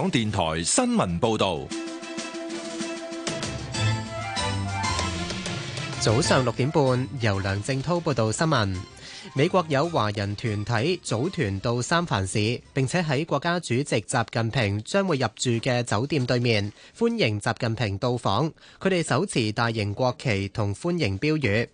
港電台新聞報道，早上六點半，由梁正濤報道新聞。美國有華人團體組團到三藩市，並且喺國家主席習近平將會入住嘅酒店對面，歡迎習近平到訪。佢哋手持大型國旗同歡迎標語。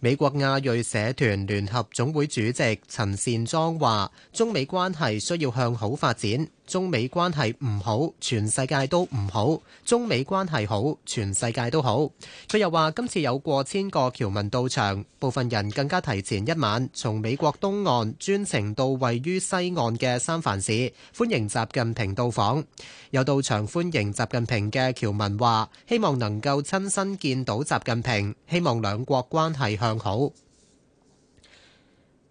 美國亞裔社團聯合總會主席陳善莊話：中美關係需要向好發展。中美關係唔好，全世界都唔好；中美關係好，全世界都好。佢又話：今次有過千個僑民到場，部分人更加提前一晚從美國東岸專程到位於西岸嘅三藩市歡迎習近平到訪。有到場歡迎習近平嘅僑民話，希望能夠親身見到習近平，希望兩國關係向好。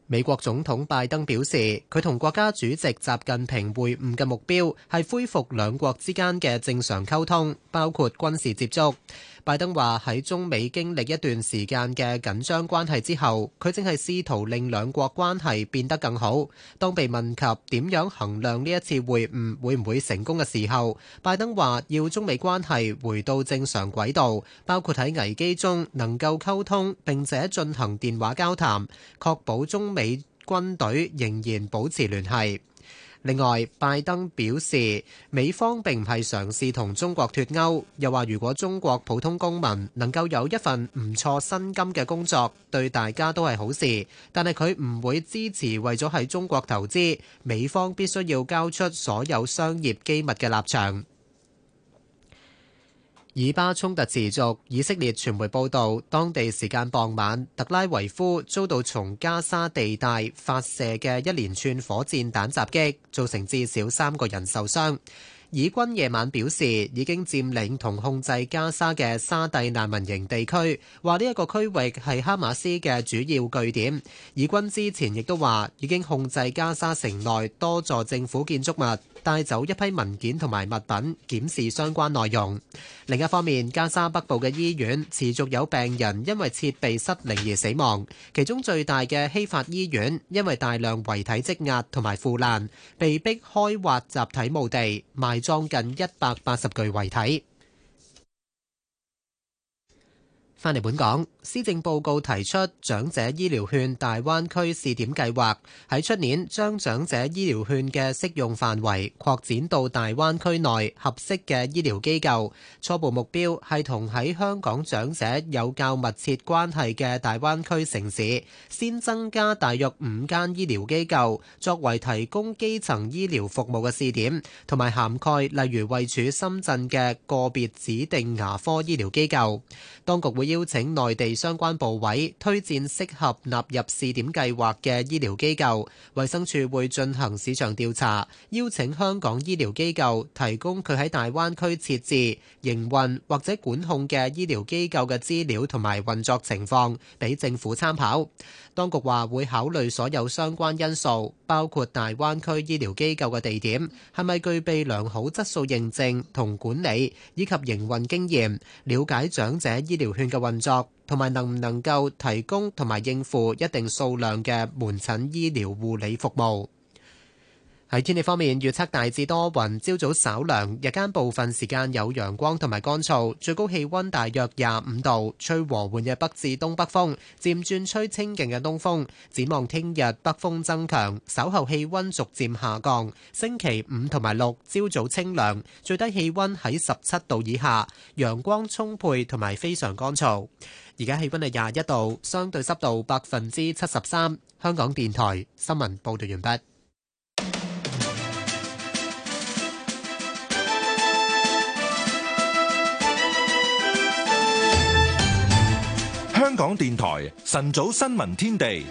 美國總統拜登表示，佢同國家主席習近平會晤嘅目標係恢復兩國之間嘅正常溝通，包括軍事接觸。拜登話喺中美經歷一段時間嘅緊張關係之後，佢正係試圖令兩國關係變得更好。當被問及點樣衡量呢一次會晤會唔會成功嘅時候，拜登話要中美關係回到正常軌道，包括喺危機中能夠溝通，並且進行電話交談，確保中美軍隊仍然保持聯繫。另外，拜登表示，美方並唔係嘗試同中國脫鈎，又話如果中國普通公民能夠有一份唔錯薪金嘅工作，對大家都係好事。但係佢唔會支持為咗喺中國投資，美方必須要交出所有商業機密嘅立場。以巴衝突持續。以色列傳媒報導，當地時間傍晚，特拉維夫遭到從加沙地帶發射嘅一連串火箭彈襲擊，造成至少三個人受傷。以軍夜晚表示，已經佔領同控制加沙嘅沙蒂難民營地區，話呢一個區域係哈馬斯嘅主要據點。以軍之前亦都話已經控制加沙城內多座政府建築物。帶走一批文件同埋物品，檢視相關內容。另一方面，加沙北部嘅醫院持續有病人因為設備失靈而死亡，其中最大嘅希法醫院因為大量遺體積壓同埋腐爛，被逼開挖集體墓地，埋葬近一百八十具遺體。翻嚟本港，施政報告提出長者醫療券大灣區試點計劃，喺出年將長者醫療券嘅適用範圍擴展到大灣區內合適嘅醫療機構。初步目標係同喺香港長者有較密切關係嘅大灣區城市，先增加大約五間醫療機構作為提供基層醫療服務嘅試點，同埋涵蓋例如位處深圳嘅個別指定牙科醫療機構。當局會邀請內地相關部委推薦適合納入試點計劃嘅醫療機構，衛生署會進行市場調查，邀請香港醫療機構提供佢喺大灣區設置、營運或者管控嘅醫療機構嘅資料同埋運作情況俾政府參考。當局話會考慮所有相關因素，包括大灣區醫療機構嘅地點係咪具備良好質素認證同管理，以及營運經驗，了解長者醫療券嘅運作，同埋能唔能夠提供同埋應付一定數量嘅門診醫療護理服務。喺天氣方面，預測大致多雲，朝早稍涼，日間部分時間有陽光同埋乾燥，最高氣温大約廿五度，吹和緩嘅北至東北風，漸轉吹清勁嘅東風。展望聽日北風增強，稍後氣温逐漸下降。星期五同埋六朝早清涼，最低氣温喺十七度以下，陽光充沛同埋非常乾燥。而家氣温係廿一度，相對濕度百分之七十三。香港電台新聞報道完畢。香港電台晨早新聞天地，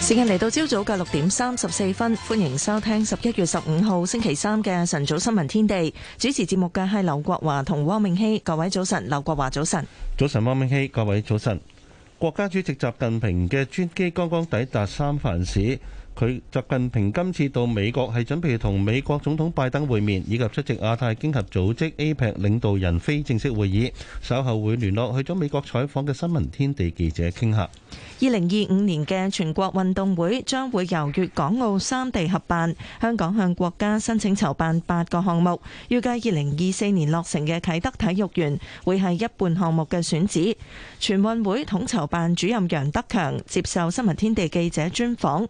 時間嚟到朝早嘅六點三十四分，歡迎收聽十一月十五號星期三嘅晨早新聞天地。主持節目嘅係劉國華同汪明熙，各位早晨。劉國華早晨。早晨，汪明熙，各位早晨。國家主席習近平嘅專機剛剛抵達三藩市。佢習近平今次到美國係準備同美國總統拜登會面，以及出席亞太經合組織 APEC 領導人非正式會議。稍後會聯絡去咗美國採訪嘅新聞天地記者傾下。二零二五年嘅全國運動會將會由粵港澳三地合辦，香港向國家申請籌辦八個項目。預計二零二四年落成嘅啟德體育園會係一半項目嘅選址。全運會統籌辦主任楊德強接受新聞天地記者專訪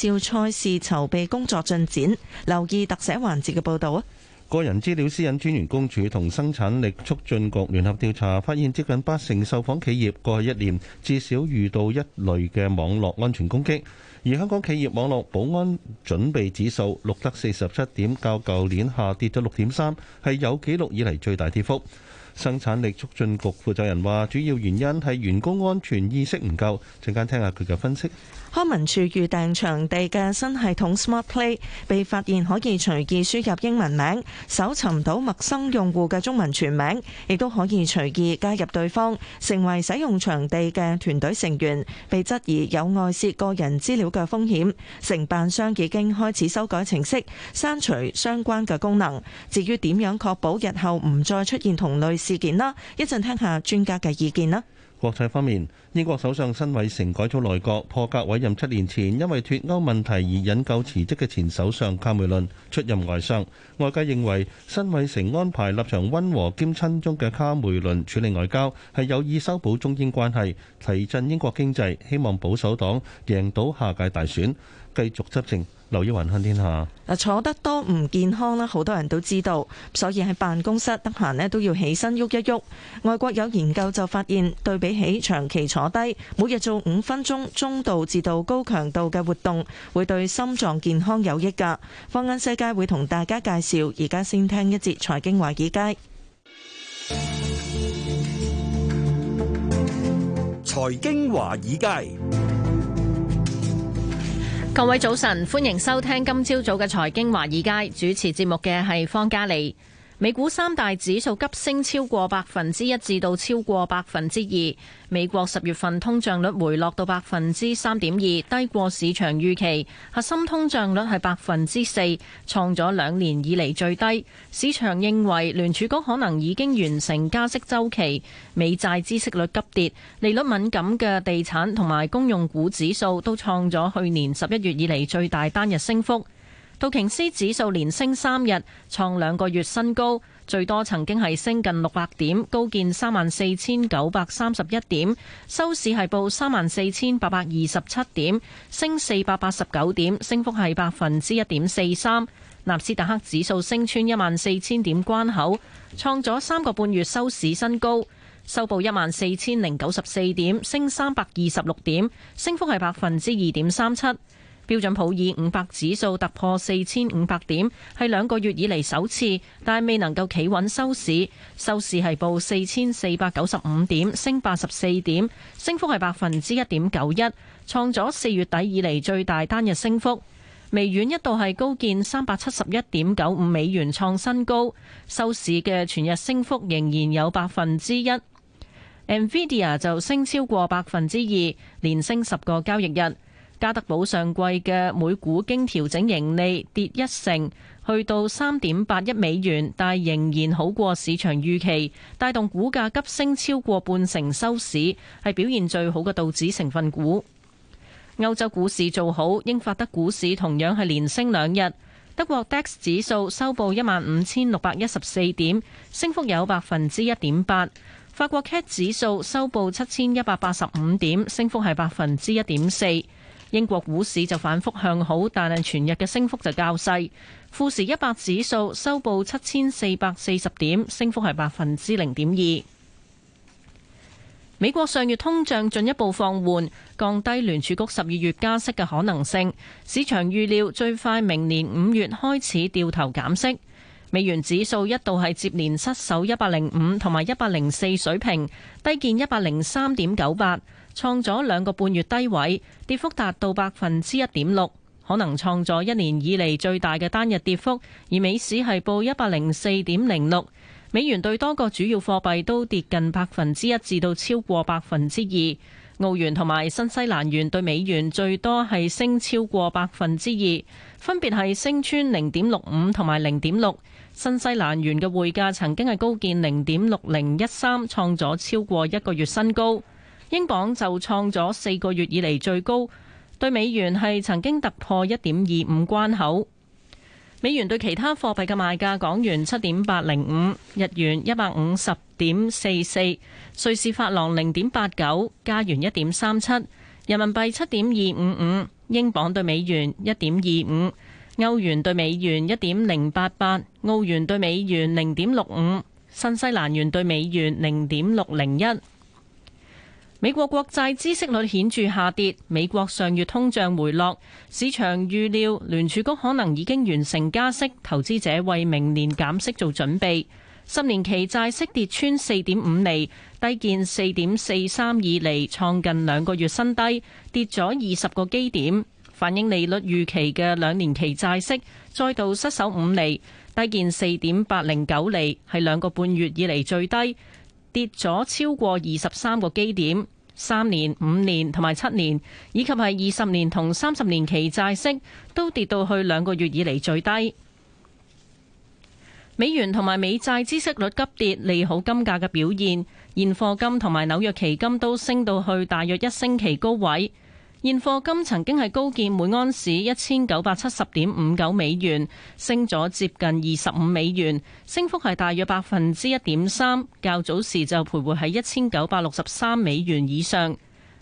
照賽事籌備工作進展，留意特寫環節嘅報道啊！個人資料私隱專員公署同生產力促進局聯合調查發現，接近八成受訪企業過去一年至少遇到一類嘅網絡安全攻擊。而香港企業網絡保安準備指數錄得四十七點，較舊年下跌咗六點三，係有紀錄以嚟最大跌幅。生產力促進局負責人話，主要原因係員工安全意識唔夠。陣間聽下佢嘅分析。康文署預訂場地嘅新系統 SmartPlay 被發現可以隨意輸入英文名，搜尋到陌生用戶嘅中文全名，亦都可以隨意加入對方，成為使用場地嘅團隊成員，被質疑有外泄個人資料嘅風險。承辦商已經開始修改程式，刪除相關嘅功能。至於點樣確保日後唔再出現同類事件啦？一陣聽下專家嘅意見啦。國際方面，英國首相辛偉成改組內閣，破格委任七年前因為脱歐問題而引咎辭職嘅前首相卡梅倫出任外相。外界認為，辛偉成安排立場温和兼親中嘅卡梅倫處理外交，係有意修補中英關係，提振英國經濟，希望保守黨贏到下屆大選。繼續執政，留意雲吞天下。嗱，坐得多唔健康啦，好多人都知道。所以喺辦公室得閒咧，都要起身喐一喐。外國有研究就發現，對比起長期坐低，每日做五分鐘中度至到高強度嘅活動，會對心臟健康有益噶。放眼世界，會同大家介紹。而家先聽一節財經華爾街。財經華爾街。財經華爾街。各位早晨，歡迎收聽今朝早嘅財經華爾街。主持節目嘅係方嘉莉。美股三大指數急升超過百分之一至到超過百分之二，美國十月份通脹率回落到百分之三點二，低過市場預期，核心通脹率係百分之四，創咗兩年以嚟最低。市場認為聯儲局可能已經完成加息周期，美債孳息率急跌，利率敏感嘅地產同埋公用股指數都創咗去年十一月以嚟最大單日升幅。道瓊斯指數連升三日，創兩個月新高，最多曾經係升近六百點，高見三萬四千九百三十一點，收市係報三萬四千八百二十七點，升四百八十九點，升幅係百分之一點四三。納斯達克指數升穿一萬四千點關口，創咗三個半月收市新高，收報一萬四千零九十四點，升三百二十六點，升幅係百分之二點三七。標準普爾五百指數突破四千五百點，係兩個月以嚟，首次，但未能夠企穩收市，收市係報四千四百九十五點，升八十四點，升幅係百分之一點九一，創咗四月底以嚟最大單日升幅。微軟一度係高見三百七十一點九五美元，創新高，收市嘅全日升幅仍然有百分之一。NVIDIA 就升超過百分之二，連升十個交易日。加得寶上季嘅每股經調整盈利跌一成，去到三點八一美元，但仍然好過市場預期，帶動股價急升超過半成收市，係表現最好嘅道指成分股。歐洲股市做好，英法德股市同樣係連升兩日。德國 DAX 指數收報一萬五千六百一十四點，升幅有百分之一點八。法國 CAC 指數收報七千一百八十五點，升幅係百分之一點四。英國股市就反覆向好，但係全日嘅升幅就較細。富時一百指數收報七千四百四十點，升幅係百分之零點二。美國上月通脹進一步放緩，降低聯儲局十二月加息嘅可能性。市場預料最快明年五月開始掉頭減息。美元指數一度係接連失守一百零五同埋一百零四水平，低見一百零三點九八。創咗兩個半月低位，跌幅達到百分之一點六，可能創咗一年以嚟最大嘅單日跌幅。而美市係報一百零四點零六，美元對多個主要貨幣都跌近百分之一至到超過百分之二。澳元同埋新西蘭元對美元最多係升超過百分之二，分別係升穿零點六五同埋零點六。新西蘭元嘅匯價曾經係高見零點六零一三，創咗超過一個月新高。英鎊就創咗四個月以嚟最高，對美元係曾經突破一點二五關口。美元對其他貨幣嘅賣價：港元七點八零五，日元一百五十點四四，瑞士法郎零點八九，加元一點三七，人民幣七點二五五，英鎊對美元一點二五，歐元對美元一點零八八，澳元對美元零點六五，新西蘭元對美元零點六零一。美國國債孳息率顯著下跌，美國上月通脹回落，市場預料聯儲局可能已經完成加息，投資者為明年減息做準備。十年期債息跌穿四點五厘，低見四點四三二厘，創近兩個月新低，跌咗二十個基點。反映利率預期嘅兩年期債息再度失守五厘，低見四點八零九厘，係兩個半月以嚟最低。跌咗超過二十三個基點，三年、五年同埋七年，以及係二十年同三十年期債息都跌到去兩個月以嚟最低。美元同埋美債孳息率急跌，利好金價嘅表現，現貨金同埋紐約期金都升到去大約一星期高位。現貨金曾經係高見每安士一千九百七十點五九美元，升咗接近二十五美元，升幅係大約百分之一點三。較早時就徘徊喺一千九百六十三美元以上。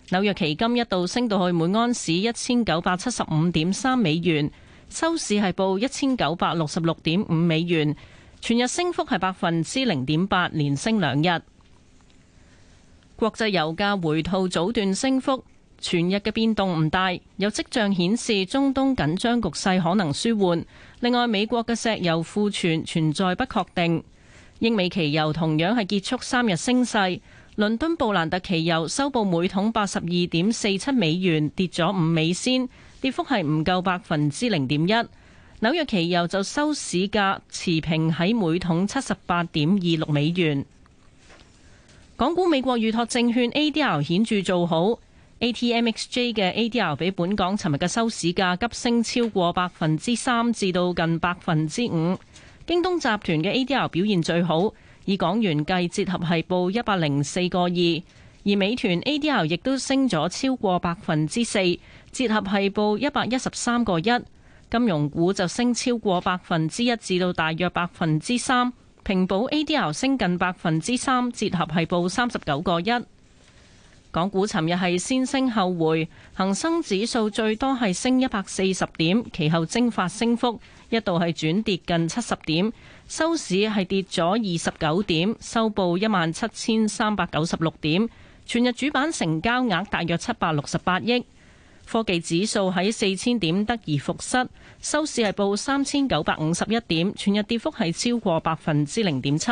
紐約期金一度升到去每安士一千九百七十五點三美元，收市係報一千九百六十六點五美元，全日升幅係百分之零點八，連升兩日。國際油價回吐早段升幅。全日嘅變動唔大，有跡象顯示中東緊張局勢可能舒緩，另外，美國嘅石油庫存存在不確定。英美期油同樣係結束三日升勢，倫敦布蘭特期油收報每桶八十二點四七美元，跌咗五美仙，跌幅係唔夠百分之零點一。紐約期油就收市價持平喺每桶七十八點二六美元。港股美國預託證券 ADR 顯著做好。A.T.M.X.J 嘅 A.D.R. 比本港尋日嘅收市價急升超過百分之三至到近百分之五。京東集團嘅 A.D.R. 表現最好，以港元計，折合係報一百零四個二。而美團 A.D.R. 亦都升咗超過百分之四，折合係報一百一十三個一。金融股就升超過百分之一至到大約百分之三。平保 A.D.R. 升近百分之三，折合係報三十九個一。港股尋日係先升後回，恒生指數最多係升一百四十點，其後蒸發升幅一度係轉跌近七十點，收市係跌咗二十九點，收報一萬七千三百九十六點。全日主板成交額大約七百六十八億。科技指數喺四千點得而復失，收市係報三千九百五十一點，全日跌幅係超過百分之零點七。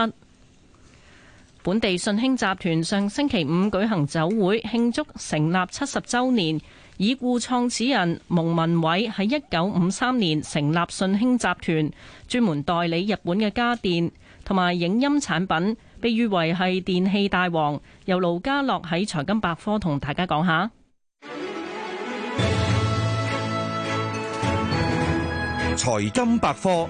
本地信興集團上星期五舉行酒會慶祝成立七十周年，已故創始人蒙文偉喺一九五三年成立信興集團，專門代理日本嘅家電同埋影音產品，被譽為係電器大王。由盧家樂喺財金百科同大家講下。財金百科。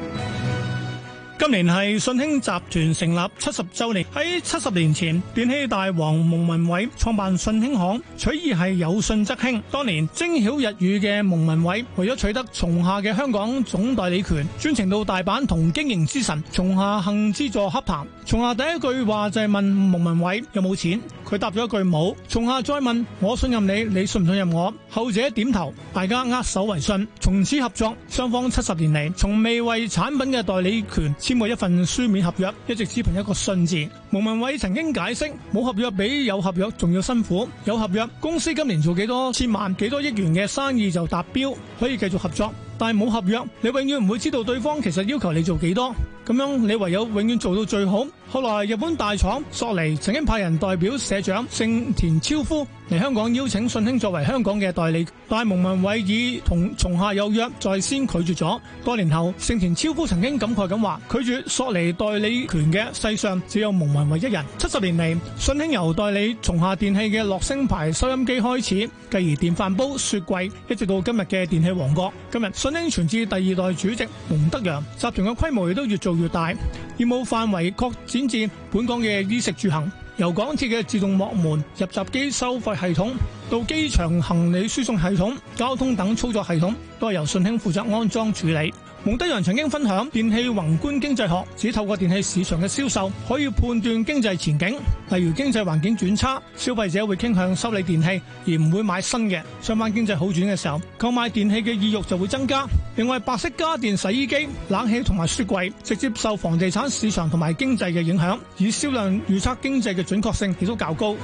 今年係信興集團成立七十周年。喺七十年前，電器大王蒙文偉創辦信興行，取意係有信則興。當年精曉日語嘅蒙文偉，為咗取得松下嘅香港總代理權，專程到大阪同經營之神松下幸之助洽談。松下第一句話就係問蒙文偉有冇錢，佢答咗一句冇。松下再問，我信任你，你信唔信任我？後者點頭，大家握手為信，從此合作。雙方七十年嚟，從未為產品嘅代理權。簽過一份書面合約，一直只憑一個信字。毛文偉曾經解釋，冇合約比有合約仲要辛苦。有合約，公司今年做幾多千萬、幾多億元嘅生意就達標，可以繼續合作；但係冇合約，你永遠唔會知道對方其實要求你做幾多。咁樣你唯有永遠做到最好。後來日本大廠索尼曾經派人代表社長盛田昭夫嚟香港邀請信興作為香港嘅代理，但係蒙民偉已同松下有約在先，拒絕咗。多年後，盛田昭夫曾經感慨咁話：拒絕索尼代理權嘅，世上只有蒙民偉一人。七十年嚟，信興由代理松下電器嘅樂聲牌收音機開始，繼而電飯煲、雪櫃，一直到今日嘅電器王國。今日信興傳至第二代主席蒙德揚，集團嘅規模亦都越做。越大，業務範圍擴展至本港嘅衣食住行，由港鐵嘅自動幕門、入閘機收費系統，到機場行李輸送系統、交通等操作系統，都係由順興負責安裝處理。蒙德洋曾經分享，電器宏觀經濟學只透過電器市場嘅銷售可以判斷經濟前景。例如經濟環境轉差，消費者會傾向修理電器而唔會買新嘅。相反經濟好轉嘅時候，購買電器嘅意欲就會增加。另外，白色家電、洗衣機、冷氣同埋雪櫃，直接受房地產市場同埋經濟嘅影響，以銷量預測經濟嘅準確性亦都較高。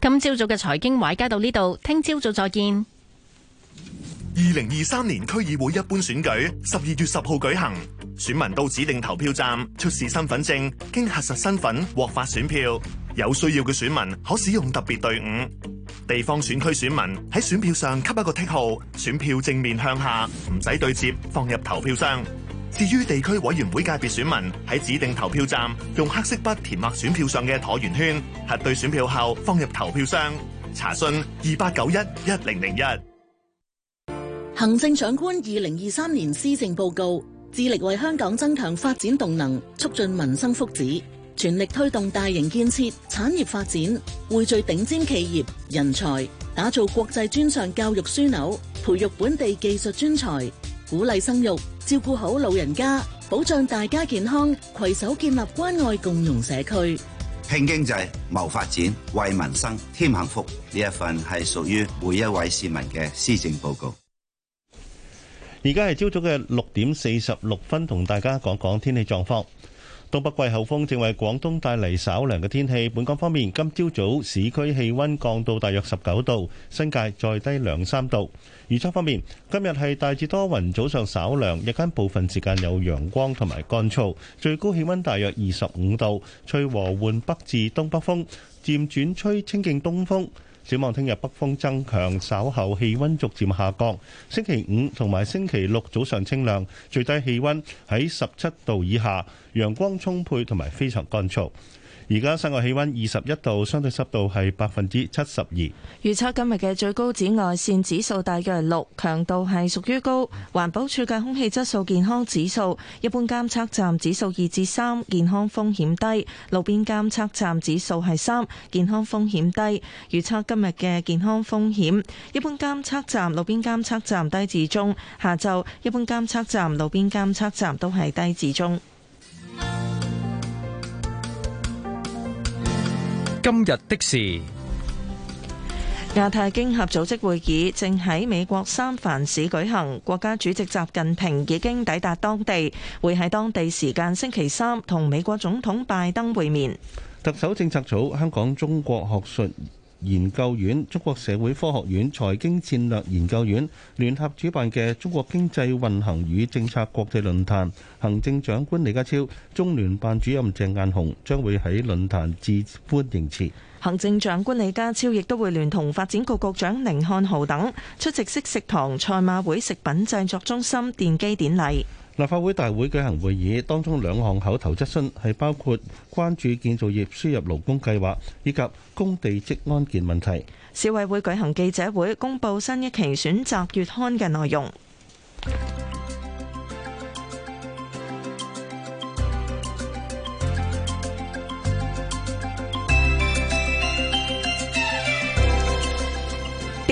今朝早嘅財經快街到呢度，聽朝早再見。二零二三年區議會一般選舉十二月十號舉行，選民到指定投票站出示身份證，經核實身份獲發選票。有需要嘅選民可使用特別隊伍。地方選區選民喺選票上給一個剔號，選票正面向下，唔使對折，放入投票箱。至於地區委員會界別選民喺指定投票站用黑色筆填畫選票上嘅橢圓圈，核對選票後放入投票箱。查詢二八九一一零零一。行政長官二零二三年施政報告，致力為香港增強發展動能，促進民生福祉，全力推動大型建設、產業發展，匯聚頂尖企業人才，打造國際專上教育樞紐，培育本地技術專才，鼓勵生育，照顧好老人家，保障大家健康，攜手建立關愛共融社區，拼經濟、謀發展、為民生添幸福。呢一份係屬於每一位市民嘅施政報告。而家係朝早嘅六點四十六分，同大家講講天氣狀況。東北季候風正為廣東帶嚟稍涼嘅天氣。本港方面，今朝早市區氣温降到大約十九度，新界再低兩三度。預測方面，今日係大致多雲，早上稍涼，日間部分時間有陽光同埋乾燥，最高氣温大約二十五度，吹和緩北至東北風，漸轉吹清勁東風。展望聽日北風增強，稍後氣温逐漸下降。星期五同埋星期六早上清涼，最低氣温喺十七度以下，陽光充沛同埋非常乾燥。而家室外氣溫二十一度，相對濕度係百分之七十二。預測今日嘅最高紫外線指數大約係六，強度係屬於高。環保署嘅空氣質素健康指數一般監測站指數二至三，健康風險低；路邊監測站指數係三，健康風險低。預測今日嘅健康風險一般監測站、路邊監測站低至中。下晝一般監測站、路邊監測站都係低至中。今日的事，亞太經合組織會議正喺美國三藩市舉行，國家主席習近平已經抵達當地，會喺當地時間星期三同美國總統拜登會面。特首政策組，香港中國學術。研究院、中國社會科學院財經戰略研究院聯合主辦嘅《中國經濟運行與政策國際論壇》，行政長官李家超、中聯辦主任鄭雁雄將會喺論壇致歡迎辭。行政長官李家超亦都會聯同發展局局長寧漢豪等出席惜食堂賽馬會食品製作中心奠基典禮。立法會大會舉行會議，當中兩項口頭質詢係包括關注建造業輸入勞工計劃以及工地職安健問題。消委會舉行記者會，公布新一期選擇月刊嘅內容。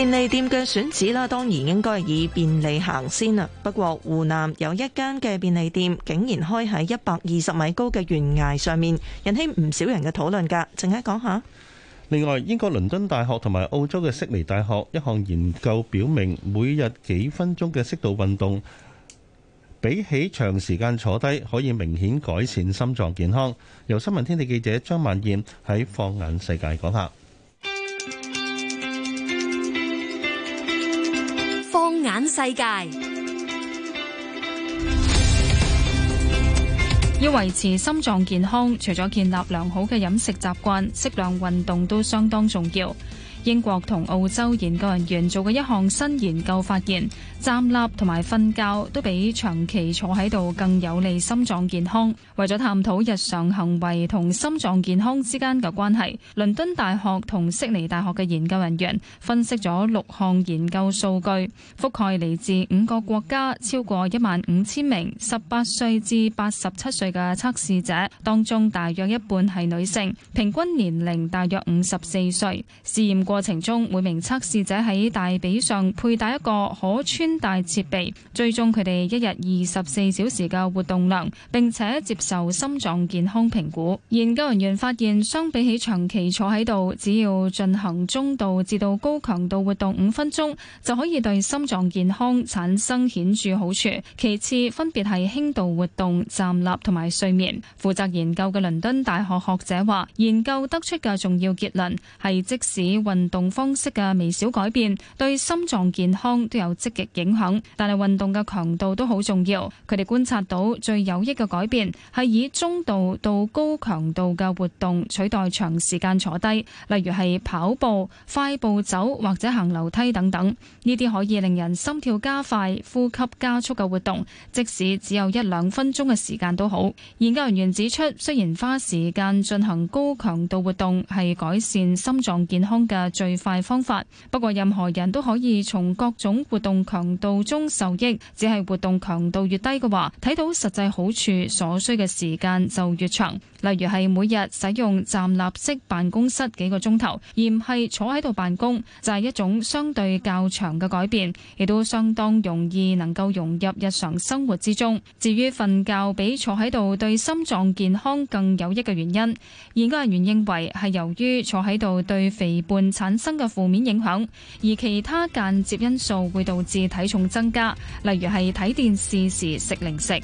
便利店嘅選址啦，當然應該以便利行先啦。不過湖南有一間嘅便利店竟然開喺一百二十米高嘅懸崖上面，引起唔少人嘅討論噶。陣間講下。另外，英國倫敦大學同埋澳洲嘅悉尼大學一項研究表明，每日幾分鐘嘅適度運動，比起長時間坐低，可以明顯改善心臟健康。由新聞天地記者張曼燕喺放眼世界講下。眼世界要維持心臟健康，除咗建立良好嘅飲食習慣，適量運動都相當重要。英國同澳洲研究人員做嘅一項新研究發現，站立同埋瞓覺都比長期坐喺度更有利心臟健康。為咗探討日常行為同心臟健康之間嘅關係，倫敦大學同悉尼大學嘅研究人員分析咗六項研究數據，覆蓋嚟自五個國家超過一萬五千名十八歲至八十七歲嘅測試者，當中大約一半係女性，平均年齡大約五十四歲。試驗過程中，每名測試者喺大髀上佩戴一個可穿戴設備，追蹤佢哋一日二十四小時嘅活動量，並且接受心臟健康評估。研究人員發現，相比起長期坐喺度，只要進行中度至到高強度活動五分鐘，就可以對心臟健康產生顯著好處。其次，分別係輕度活動、站立同埋睡眠。負責研究嘅倫敦大學學者話，研究得出嘅重要結論係，即使運運動方式嘅微小改變，對心臟健康都有積極影響，但係運動嘅強度都好重要。佢哋觀察到最有益嘅改變係以中度到高強度嘅活動取代長時間坐低，例如係跑步、快步走或者行樓梯等等。呢啲可以令人心跳加快、呼吸加速嘅活動，即使只有一兩分鐘嘅時間都好。研究人員指出，雖然花時間進行高強度活動係改善心臟健康嘅。最快方法。不過任何人都可以從各種活動強度中受益，只係活動強度越低嘅話，睇到實際好處所需嘅時間就越長。例如係每日使用站立式辦公室幾個鐘頭，而唔係坐喺度辦公，就係一種相對較長嘅改變，亦都相當容易能夠融入日常生活之中。至於瞓覺比坐喺度對心臟健康更有益嘅原因，研究人員認為係由於坐喺度對肥胖。產生嘅負面影響，而其他間接因素會導致體重增加，例如係睇電視時食零食。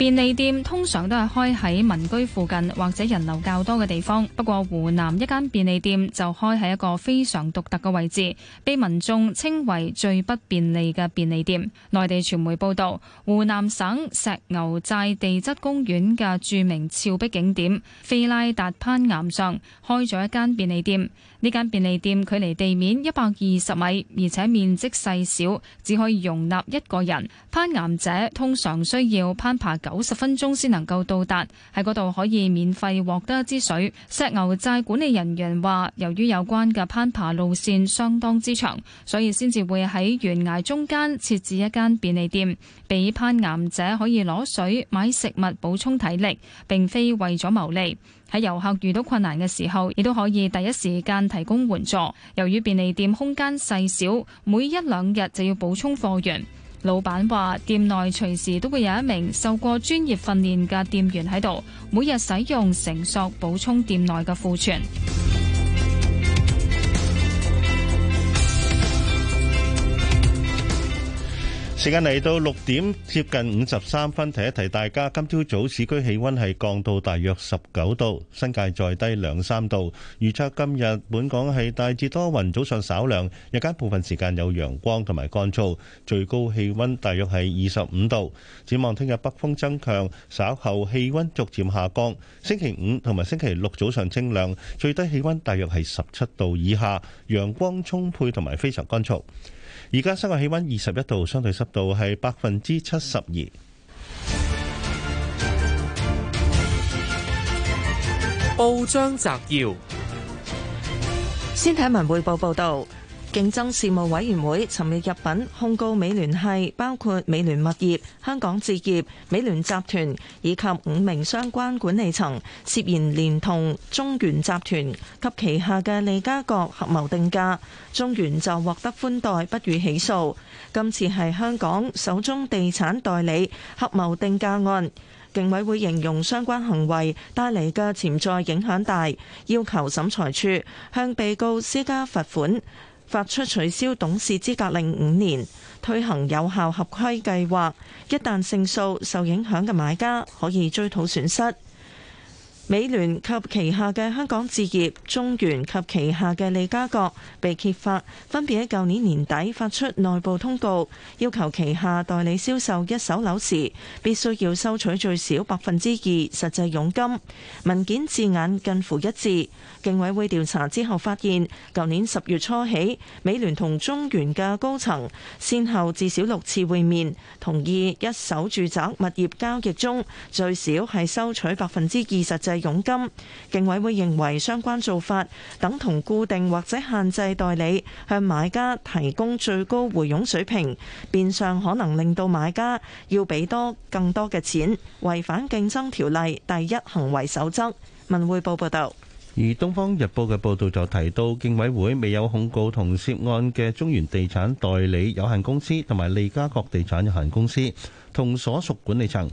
便利店通常都係開喺民居附近或者人流較多嘅地方，不過湖南一間便利店就開喺一個非常獨特嘅位置，被民眾稱為最不便利嘅便利店。內地傳媒報道，湖南省石牛寨地質公園嘅著名峭壁景點菲拉達攀岩上開咗一間便利店。呢間便利店距離地面一百二十米，而且面積細小，只可以容納一個人。攀岩者通常需要攀爬九十分鐘先能夠到達，喺嗰度可以免費獲得一支水。石牛寨管理人員話，由於有關嘅攀爬路線相當之長，所以先至會喺懸崖中間設置一間便利店，畀攀岩者可以攞水、買食物補充體力，並非為咗牟利。喺遊客遇到困難嘅時候，亦都可以第一時間提供援助。由於便利店空間細小，每一兩日就要補充貨源。老闆話：店內隨時都會有一名受過專業訓練嘅店員喺度，每日使用繩索補充店內嘅庫存。時間嚟到六點接近五十三分，提一提大家。今朝早市區氣溫係降到大約十九度，新界再低兩三度。預測今日本港係大致多雲，早上稍涼，日間部分時間有陽光同埋乾燥，最高氣溫大約係二十五度。展望聽日北風增強，稍後氣溫逐漸下降。星期五同埋星期六早上清涼，最低氣溫大約係十七度以下，陽光充沛同埋非常乾燥。而家室外氣溫二十一度，相對濕度係百分之七十二。報章摘要：先睇文匯報報道。競爭事務委員會尋日入，入稟控告美聯系，包括美聯物業、香港置業、美聯集團以及五名相關管理層，涉嫌連同中原集團及旗下嘅利嘉閣合謀定價。中原就獲得寬待，不予起訴。今次係香港首宗地產代理合謀定價案，競委會形容相關行為帶嚟嘅潛在影響大，要求審裁處向被告施加罰款。發出取消董事資格令五年，推行有效合規計劃，一旦勝訴，受影響嘅買家可以追討損失。美聯及旗下嘅香港置業、中原及旗下嘅利嘉閣被揭發，分別喺舊年年底發出內部通告，要求旗下代理銷售一手樓時，必須要收取最少百分之二實際佣金。文件字眼近乎一致。競委會調查之後發現，舊年十月初起，美聯同中原嘅高層先後至少六次會面，同意一手住宅物業交易中最少係收取百分之二實際。佣金，競委會認為相關做法等同固定或者限制代理向買家提供最高回傭水平，變相可能令到買家要俾多更多嘅錢，違反競爭條例第一行為守則。文匯報報道，而《東方日報》嘅報道就提到，競委會未有控告同涉案嘅中原地產代理有限公司同埋利嘉閣地產有限公司同所屬管理層。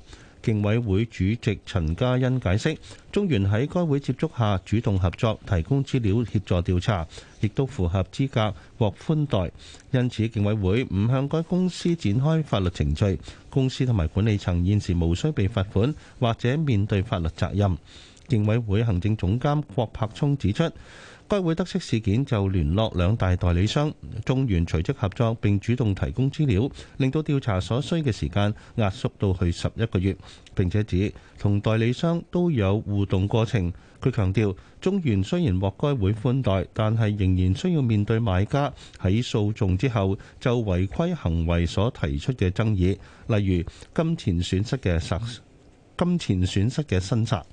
競委會主席陳家欣解釋，中原喺該會接觸下主動合作，提供資料協助調查，亦都符合資格獲寬待，因此競委會唔向該公司展開法律程序，公司同埋管理層現時無需被罰款或者面對法律責任。競委會行政總監郭柏聰指出。該會得悉事件就聯絡兩大代理商，中原隨即合作並主動提供資料，令到調查所需嘅時間壓縮到去十一個月。並且指同代理商都有互動過程。佢強調，中原雖然獲該會寬待，但係仍然需要面對買家喺訴訟之後就違規行為所提出嘅爭議，例如金錢損失嘅殺金錢損失嘅申索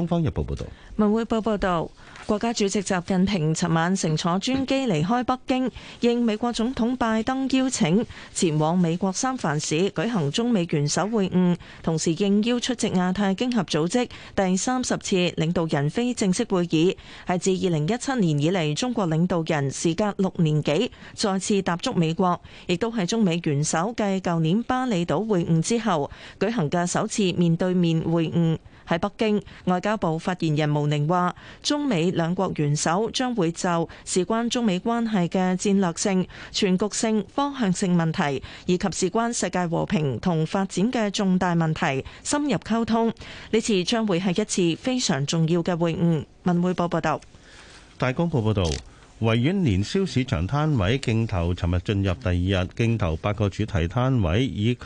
《東方日報》報導，《文匯報》報道：國家主席習近平尋晚乘坐專機離開北京，應美國總統拜登邀請，前往美國三藩市舉行中美元首會晤，同時應邀出席亞太經合組織第三十次領導人非正式會議。係自二零一七年以嚟，中國領導人時隔六年幾再次踏足美國，亦都係中美元首繼舊年巴厘島會晤之後舉行嘅首次面對面會晤。喺北京，外交部發言人毛寧話中美兩國元首將會就事關中美關係嘅戰略性、全局性、方向性問題，以及事關世界和平同發展嘅重大問題深入溝通。呢次將會係一次非常重要嘅會晤。文匯報報道，大公報報道，維園年宵市場攤位競投尋日進入第二日，競投八個主題攤位以及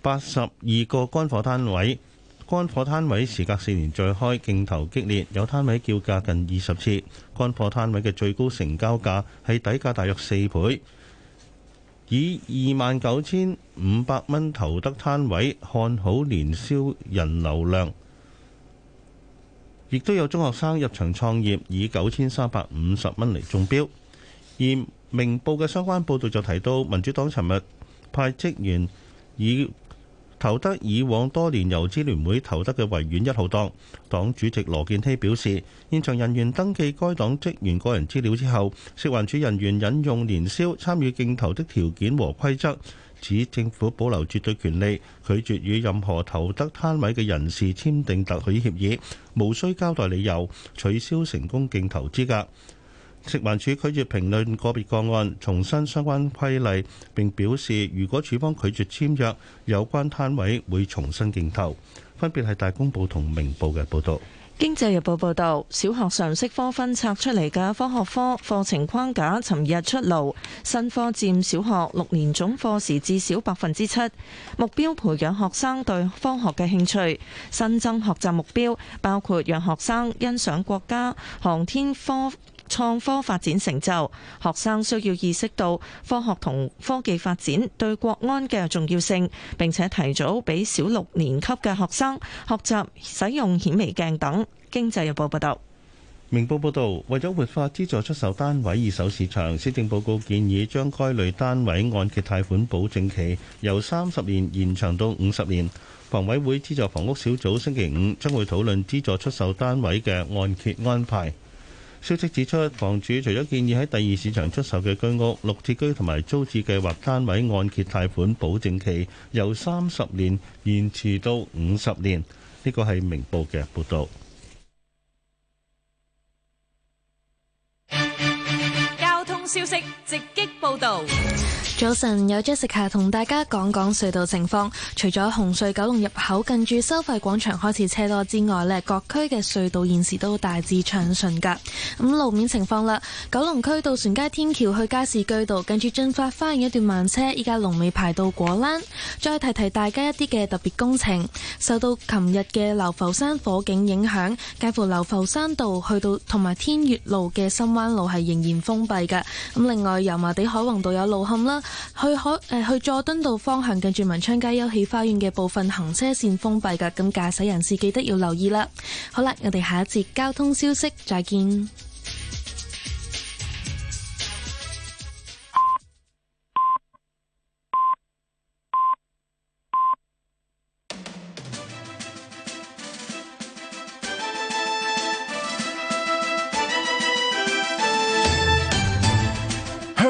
八十二個乾貨攤位。乾貨攤位，時隔四年再開，競投激烈，有攤位叫價近二十次。乾貨攤位嘅最高成交價係底價大約四倍，以二萬九千五百蚊投得攤位，看好年宵人流量。亦都有中學生入場創業，以九千三百五十蚊嚟中標。而明報嘅相關報導就提到，民主黨尋日派職員以投得以往多年由支聯會投得嘅維園一號檔，黨主席羅健熙表示，現場人員登記該黨職員個人資料之後，食環署人員引用年宵參與競投的條件和規則，指政府保留絕對權利拒絕與任何投得攤位嘅人士簽訂特許協議，無需交代理由取消成功競投資格。食環署拒絕評論個別個案，重申相關規例，並表示，如果署方拒絕簽約，有關攤位會重新競投。分別係大公報同明報嘅報道。經濟日報報導，小學常識科分拆出嚟嘅科學科課程框架，尋日出爐，新科佔小學六年總課時至少百分之七，目標培養學生對科學嘅興趣。新增學習目標包括讓學生欣賞國家航天科創科發展成就，學生需要意識到科學同科技發展對國安嘅重要性，並且提早俾小六年級嘅學生學習使用顯微鏡等。經濟日報報道，明報報道，為咗活化資助出售單位二手市場，施政報告建議將該類單位按揭貸款保證期由三十年延長到五十年。房委會資助房屋小組星期五將會討論資助出售單位嘅按揭安排。消息指出，房主除咗建議喺第二市場出售嘅居屋、綠置居同埋租置計劃單位按揭貸款保證期由三十年延遲到五十年，呢個係明報嘅報導。交通消息直擊報導。早晨，有 Jessica 同大家講講隧道情況。除咗紅隧九龍入口近住收費廣場開始車多之外呢，各區嘅隧道現時都大致暢順噶。咁路面情況啦，九龍區渡船街天橋去加士居道近住駿發花園一段慢車，依家，龍尾排到果欄。再提提大家一啲嘅特別工程，受到琴日嘅流浮山火警影響，介乎流浮山道去到同埋天悅路嘅深灣路係仍然封閉嘅。咁另外油麻地海泓道有路陷啦。去海誒、呃，去佐敦道方向，近住文昌街休憩花園嘅部分行車線封閉噶，咁駕駛人士記得要留意啦。好啦，我哋下一節交通消息再見。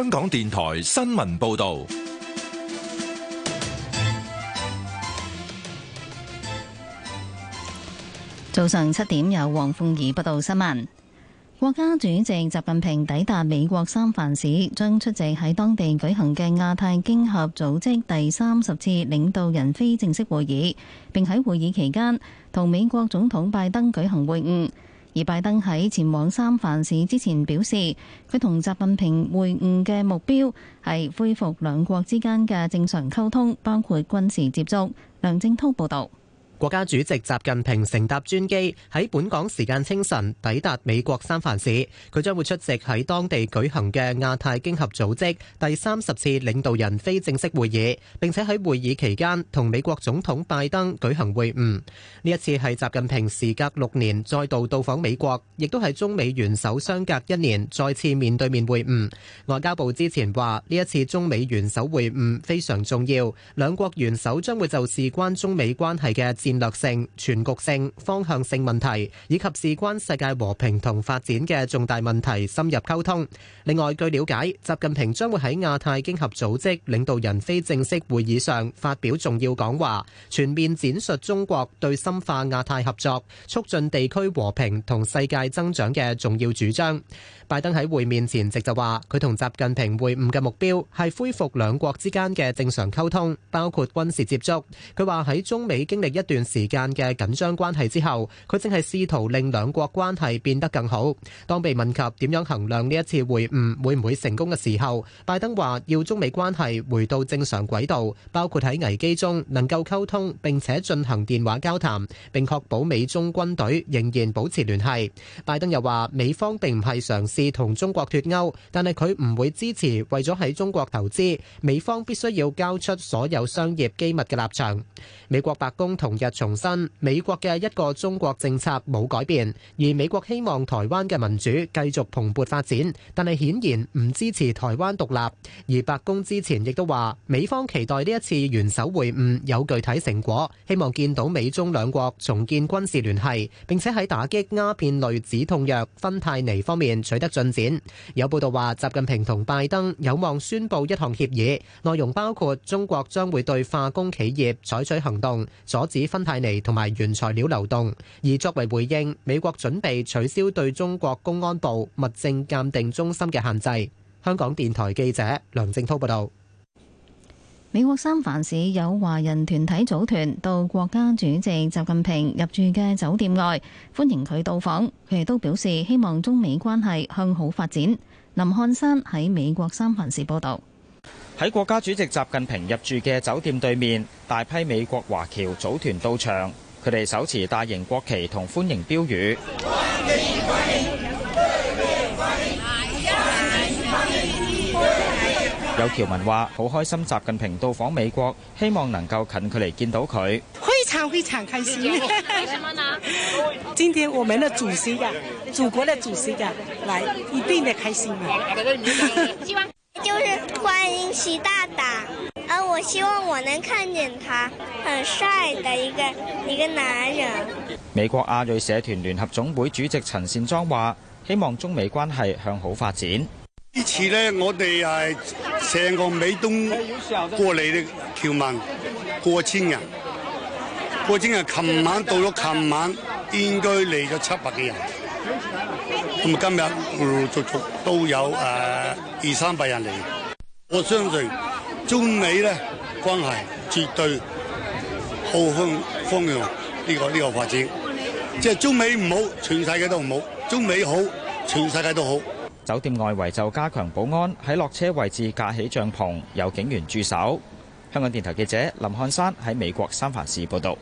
香港電台新聞報道：早上七點有黃鳳儀報道新聞。國家主席習近平抵達美國三藩市，將出席喺當地舉行嘅亞太經合組織第三十次領導人非正式會議，並喺會議期間同美國總統拜登舉行會晤。而拜登喺前往三藩市之前表示，佢同習近平會晤嘅目標係恢復兩國之間嘅正常溝通，包括軍事接觸，梁正濤報道。國家主席習近平乘搭專機喺本港時間清晨抵達美國三藩市佢將會出席喺當地舉行嘅亞太經合組織第三十次領導人非正式會議並且喺會議期間同美國總統拜登舉行會晤呢一次係習近平時隔六年再度到訪美國亦都係中美元首相隔一年再次面對面會晤外交部之前話呢一次中美元首會晤非常重要兩國元首將會就事關中美關係嘅戰戰略性、全局性、方向性問題，以及事關世界和平同發展嘅重大問題深入溝通。另外，據了解，習近平將會喺亞太經合組織領導人非正式會議上發表重要講話，全面闡述中國對深化亞太合作、促進地區和平同世界增長嘅重要主張。拜登喺會面前夕就話，佢同習近平會晤嘅目標係恢復兩國之間嘅正常溝通，包括軍事接觸。佢話喺中美經歷一段時間嘅緊張關係之後，佢正係試圖令兩國關係變得更好。當被問及點樣衡量呢一次會晤會唔會成功嘅時候，拜登話要中美關係回到正常軌道，包括喺危機中能夠溝通並且進行電話交談，並確保美中軍隊仍然保持聯繫。拜登又話，美方並唔係嘗是同中國脫鉤，但係佢唔會支持為咗喺中國投資，美方必須要交出所有商業機密嘅立場。美國白宮同日重申，美國嘅一個中國政策冇改變，而美國希望台灣嘅民主繼續蓬勃發展，但係顯然唔支持台灣獨立。而白宮之前亦都話，美方期待呢一次元首會晤有具體成果，希望見到美中兩國重建軍事聯繫，並且喺打擊鴉片類止痛藥芬太尼方面取得有進展。有報道話，習近平同拜登有望宣布一項協議，內容包括中國將會對化工企業採取行動，阻止芬太尼同埋原材料流動。而作為回應，美國準備取消對中國公安部物證鑑定中心嘅限制。香港電台記者梁正滔報道。美國三藩市有華人團體組團到國家主席習近平入住的酒店外歡迎佢到訪，佢亦都表示希望中美關係向好發展。林漢山喺美國三藩市報道。喺國家主席習近平入住的酒店對面，大批美國華僑組團到場，佢哋手持大型國旗同歡迎標語。有僑民話：好開心習近平到訪美國，希望能夠近距離見到佢。非常非常開心。 今天我們的主席嘅，祖國的主席嘅，來一定嘅開心希望 就是歡迎習大大，啊！我希望我能看見他，很帥的一個一個男人。美國亞裔社團聯合總會主席陳善莊話：希望中美關係向好發展。呢次咧，我哋係成個美東過嚟嘅僑民過千人，過千人。琴晚到咗，琴晚應該嚟咗七百幾人。咁啊，今日陸陸續續都有誒二三百人嚟。我相信中美咧關係絕對好向方向呢個呢個發展。即係中美唔好，全世界都唔好；中美好，全世界都好。酒店外圍就加強保安，喺落車位置架起帳篷，有警員駐守。香港電台記者林漢山喺美國三藩市報道。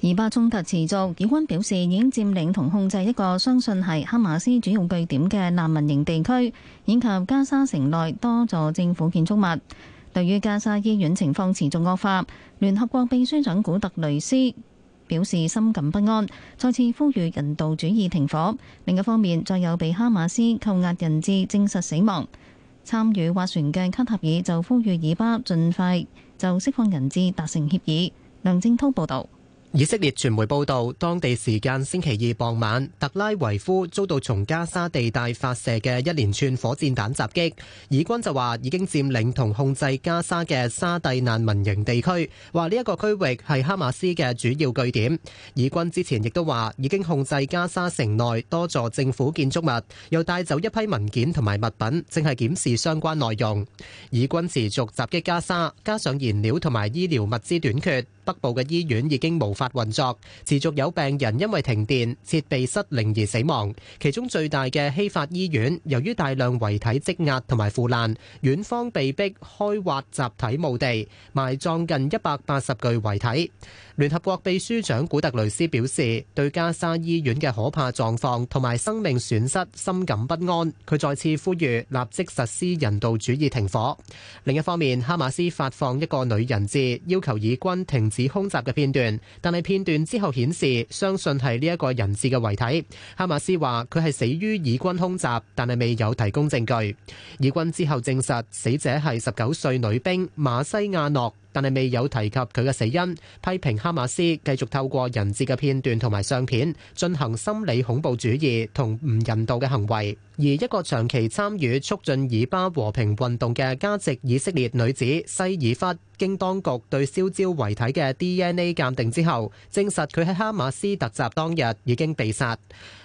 以巴衝突持續，以軍表示已經佔領同控制一個相信係哈馬斯主要據點嘅難民營地區，以及加沙城內多座政府建築物。對於加沙醫院情況持續惡化，聯合國秘書長古特雷斯表示深感不安，再次呼籲人道主義停火。另一方面，再有被哈馬斯扣押人質證實死亡。參與斡旋嘅卡塔爾就呼籲以巴盡快就釋放人質達成協議。梁正濤報道。以色列傳媒報道，當地時間星期二傍晚，特拉維夫遭到從加沙地帶發射嘅一連串火箭彈襲擊。以軍就話已經佔領同控制加沙嘅沙蒂難民營地區，話呢一個區域係哈馬斯嘅主要據點。以軍之前亦都話已經控制加沙城內多座政府建築物，又帶走一批文件同埋物品，正係檢視相關內容。以軍持續襲擊加沙，加上燃料同埋醫療物資短缺。北部嘅醫院已經無法運作，持續有病人因為停電、設備失靈而死亡。其中最大嘅希法醫院由於大量遺體積壓同埋腐爛，院方被迫開挖集體墓地，埋葬近一百八十具遺體。聯合國秘書長古特雷斯表示，對加沙醫院嘅可怕狀況同埋生命損失深感不安。佢再次呼籲立即實施人道主義停火。另一方面，哈馬斯發放一個女人質要求以軍停止空襲嘅片段，但係片段之後顯示相信係呢一個人質嘅遺體。哈馬斯話佢係死於以軍空襲，但係未有提供證據。以軍之後證實死者係十九歲女兵馬西亞諾。但係未有提及佢嘅死因，批評哈馬斯繼續透過人質嘅片段同埋相片進行心理恐怖主義同唔人道嘅行為。而一個長期參與促進以巴和平運動嘅加籍以色列女子西爾弗，經當局對燒焦遺體嘅 DNA 鑑定之後，證實佢喺哈馬斯突襲當日已經被殺。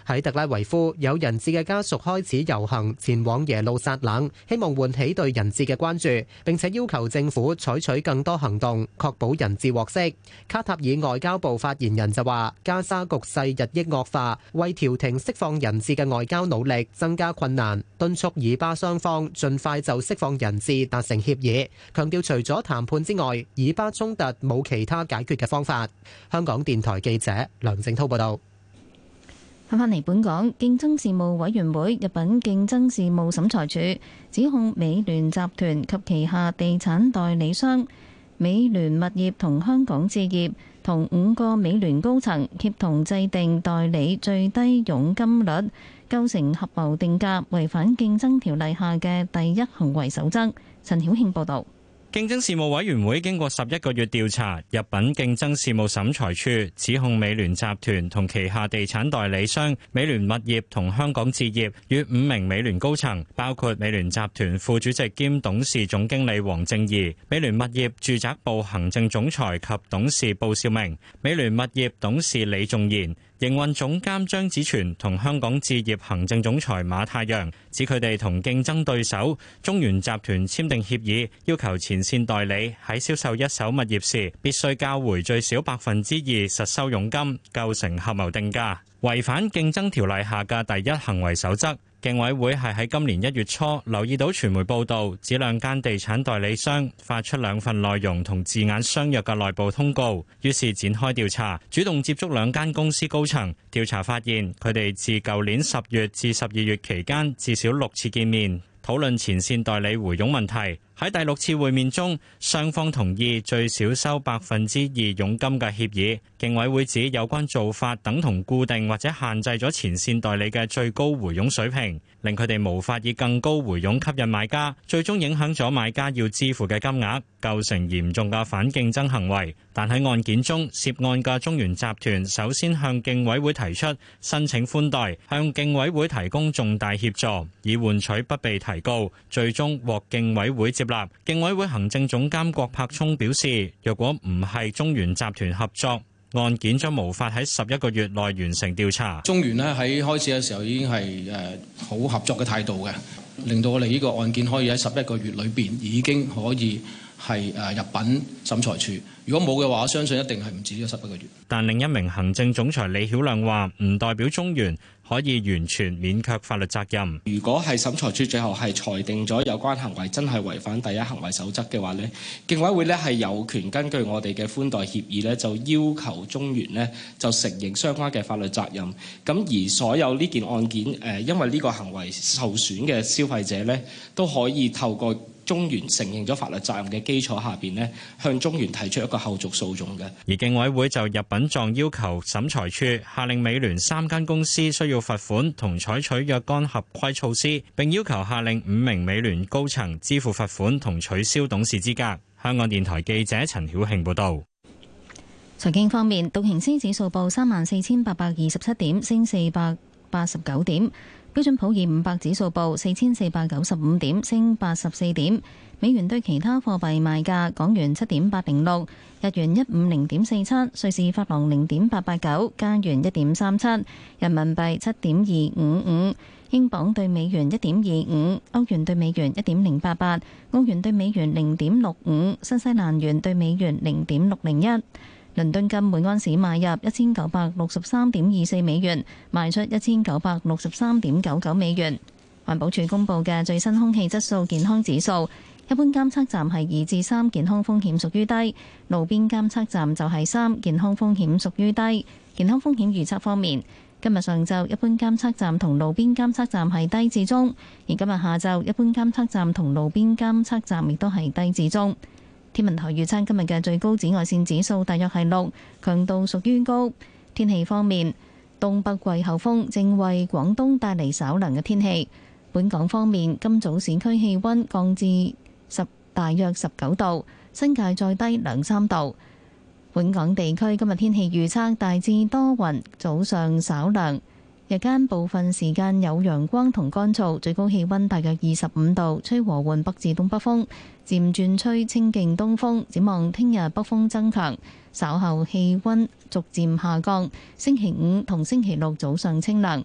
喺特拉維夫，有人質嘅家屬開始遊行前往耶路撒冷，希望喚起對人質嘅關注，並且要求政府採取更多行動，確保人質獲釋。卡塔爾外交部發言人就話：加沙局勢日益惡化，為調停釋放人質嘅外交努力增加。加困難，敦促以巴雙方盡快就釋放人質達成協議，強調除咗談判之外，以巴衝突冇其他解決嘅方法。香港電台記者梁靜濤報道。翻返嚟本港，競爭事務委員會入禀競爭事務審裁處，指控美聯集團及旗下地產代理商美聯物業同香港置業同五個美聯高層協同制定代理最低佣金率。構成合謀定價，違反競爭條例下嘅第一行為守則。陳曉慶報道，競爭事務委員會經過十一個月調查，入稟競爭事務審裁處，指控美聯集團同旗下地產代理商美聯物業同香港置業，與五名美聯高層，包括美聯集團副主席兼董事總經理黃正儀、美聯物業住宅部行政總裁及董事布少明、美聯物業董事李仲賢。營運總監張子全同香港置業行政總裁馬太陽指，佢哋同競爭對手中原集團簽訂協議，要求前線代理喺銷售一手物業時，必須交回最少百分之二實收佣金，構成合謀定價，違反競爭條例下嘅第一行為守則。競委會係喺今年一月初留意到傳媒報道，指兩間地產代理商發出兩份內容同字眼相若嘅內部通告，於是展開調查，主動接觸兩間公司高層。調查發現，佢哋自舊年十月至十二月期間，至少六次見面，討論前線代理回傭問題。喺第六次會面中，雙方同意最少收百分之二佣金嘅協議。競委會指有關做法等同固定或者限制咗前線代理嘅最高回傭水平，令佢哋無法以更高回傭吸引買家，最終影響咗買家要支付嘅金額，構成嚴重嘅反競爭行為。但喺案件中，涉案嘅中原集團首先向競委會提出申請寬待，向競委會提供重大協助，以換取不被提告，最終獲競委會接。立。競委會行政總監郭柏聰表示，若果唔係中原集團合作，案件將無法喺十一個月內完成調查。中原呢喺開始嘅時候已經係誒好合作嘅態度嘅，令到我哋呢個案件可以喺十一個月裏邊已經可以。係誒入品審裁處，如果冇嘅話，我相信一定係唔止咗十一個月。但另一名行政總裁李曉亮話：唔代表中原可以完全免卻法律責任。如果係審裁處最後係裁定咗有關行為真係違反第一行為守則嘅話呢，競委會呢係有權根據我哋嘅寬待協議呢，就要求中原呢就承認相關嘅法律責任。咁而所有呢件案件，因為呢個行為受損嘅消費者呢，都可以透過。中原承認咗法律責任嘅基礎下邊，向中原提出一個後續訴訟嘅。而競委會就入品狀要求審裁處下令美聯三間公司需要罰款同採取若干合規措施，並要求下令五名美聯高層支付罰款同取消董事資格。香港電台記者陳曉慶報導。財經方面，道瓊斯指數報三萬四千八百二十七點，升四百八十九點。標準普爾五百指數報四千四百九十五點，升八十四點。美元對其他貨幣賣價：港元七點八零六，日元一五零點四七，瑞士法郎零點八八九，加元一點三七，人民幣七點二五五，英鎊對美元一點二五，歐元對美元一點零八八，澳元對美元零點六五，新西蘭元對美元零點六零一。倫敦金每安士買入一千九百六十三點二四美元，賣出一千九百六十三點九九美元。環保署公布嘅最新空氣質素健康指數，一般監測站係二至三，健康風險屬於低；路邊監測站就係三，健康風險屬於低。健康風險預測方面，今日上晝一般監測站同路邊監測站係低至中，而今日下晝一般監測站同路邊監測站亦都係低至中。天文台預測今日嘅最高紫外線指數大約係六，強度屬於高。天氣方面，東北季候風正為廣東帶嚟稍涼嘅天氣。本港方面，今早市區氣温降至十，大約十九度，新界再低兩三度。本港地區今日天，天氣預測大致多雲，早上稍涼，日間部分時間有陽光同乾燥，最高氣温大約二十五度，吹和緩北至東北風。漸轉吹清勁東風，展望聽日北風增強，稍後氣温逐漸下降。星期五同星期六早上清涼，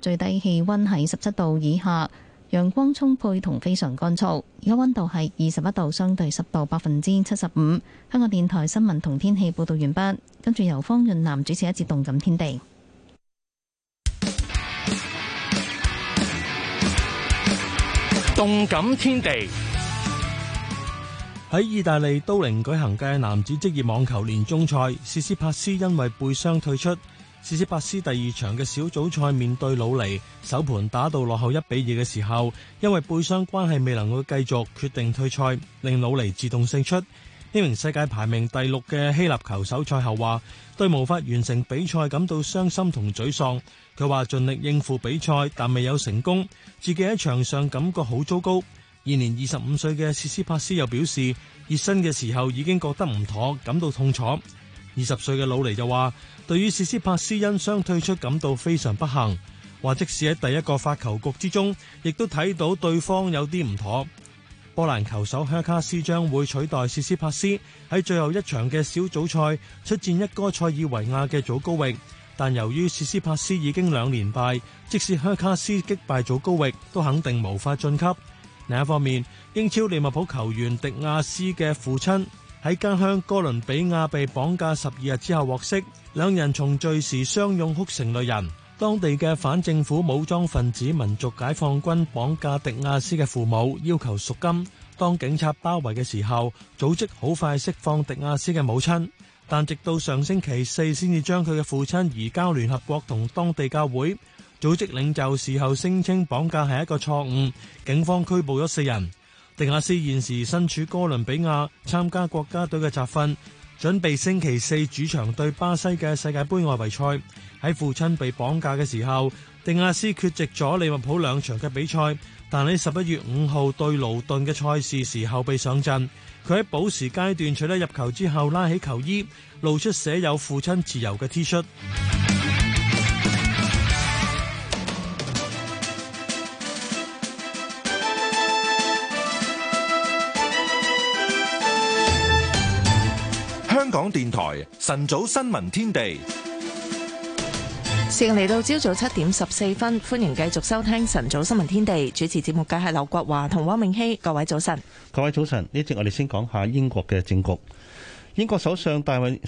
最低氣温喺十七度以下，陽光充沛同非常乾燥。而家温度係二十一度，相對濕度百分之七十五。香港電台新聞同天氣報道完畢，跟住由方潤南主持一節動感天地。動感天地。喺意大利都靈舉行嘅男子職業網球年終賽，斯斯帕斯因為背傷退出。斯斯帕斯第二場嘅小組賽面對魯尼，首盤打到落後一比二嘅時候，因為背傷關係未能夠繼續，決定退賽，令魯尼自動勝出。呢名世界排名第六嘅希臘球手賽後話，對無法完成比賽感到傷心同沮喪。佢話盡力應付比賽，但未有成功，自己喺場上感覺好糟糕。現年二十五歲嘅斯斯帕斯又表示，熱身嘅時候已經覺得唔妥，感到痛楚。二十歲嘅老尼就話，對於斯斯帕斯因傷退出感到非常不幸。話即使喺第一個發球局之中，亦都睇到對方有啲唔妥。波蘭球手亨卡斯將會取代斯斯帕斯喺最後一場嘅小組賽出戰一哥塞爾維亞嘅祖高域，但由於斯斯帕斯已經兩連敗，即使亨卡斯擊敗祖高域，都肯定無法晉級。另一方面，英超利物浦球員迪亞斯嘅父親喺家鄉哥倫比亞被綁架十二日之後獲釋，兩人重聚時相擁哭成淚人。當地嘅反政府武裝分子民族解放軍綁架迪亞斯嘅父母，要求贖金。當警察包圍嘅時候，組織好快釋放迪亞斯嘅母親，但直到上星期四先至將佢嘅父親移交聯合國同當地教會。組織領袖事後聲稱綁架係一個錯誤，警方拘捕咗四人。迪亞斯現時身處哥倫比亞參加國家隊嘅集訓，準備星期四主場對巴西嘅世界杯外圍賽。喺父親被綁架嘅時候，迪亞斯缺席咗利物浦兩場嘅比賽，但喺十一月五號對盧頓嘅賽事時候被上陣。佢喺補時階段取得入球之後拉起球衣，露出寫有父親自由嘅 T 恤。電台晨早新聞天地，時間嚟到朝早七點十四分，歡迎繼續收聽晨早新聞天地。主持節目嘅係劉國華同汪明熙，各位早晨，各位早晨。呢節我哋先講下英國嘅政局。英國首相大衛，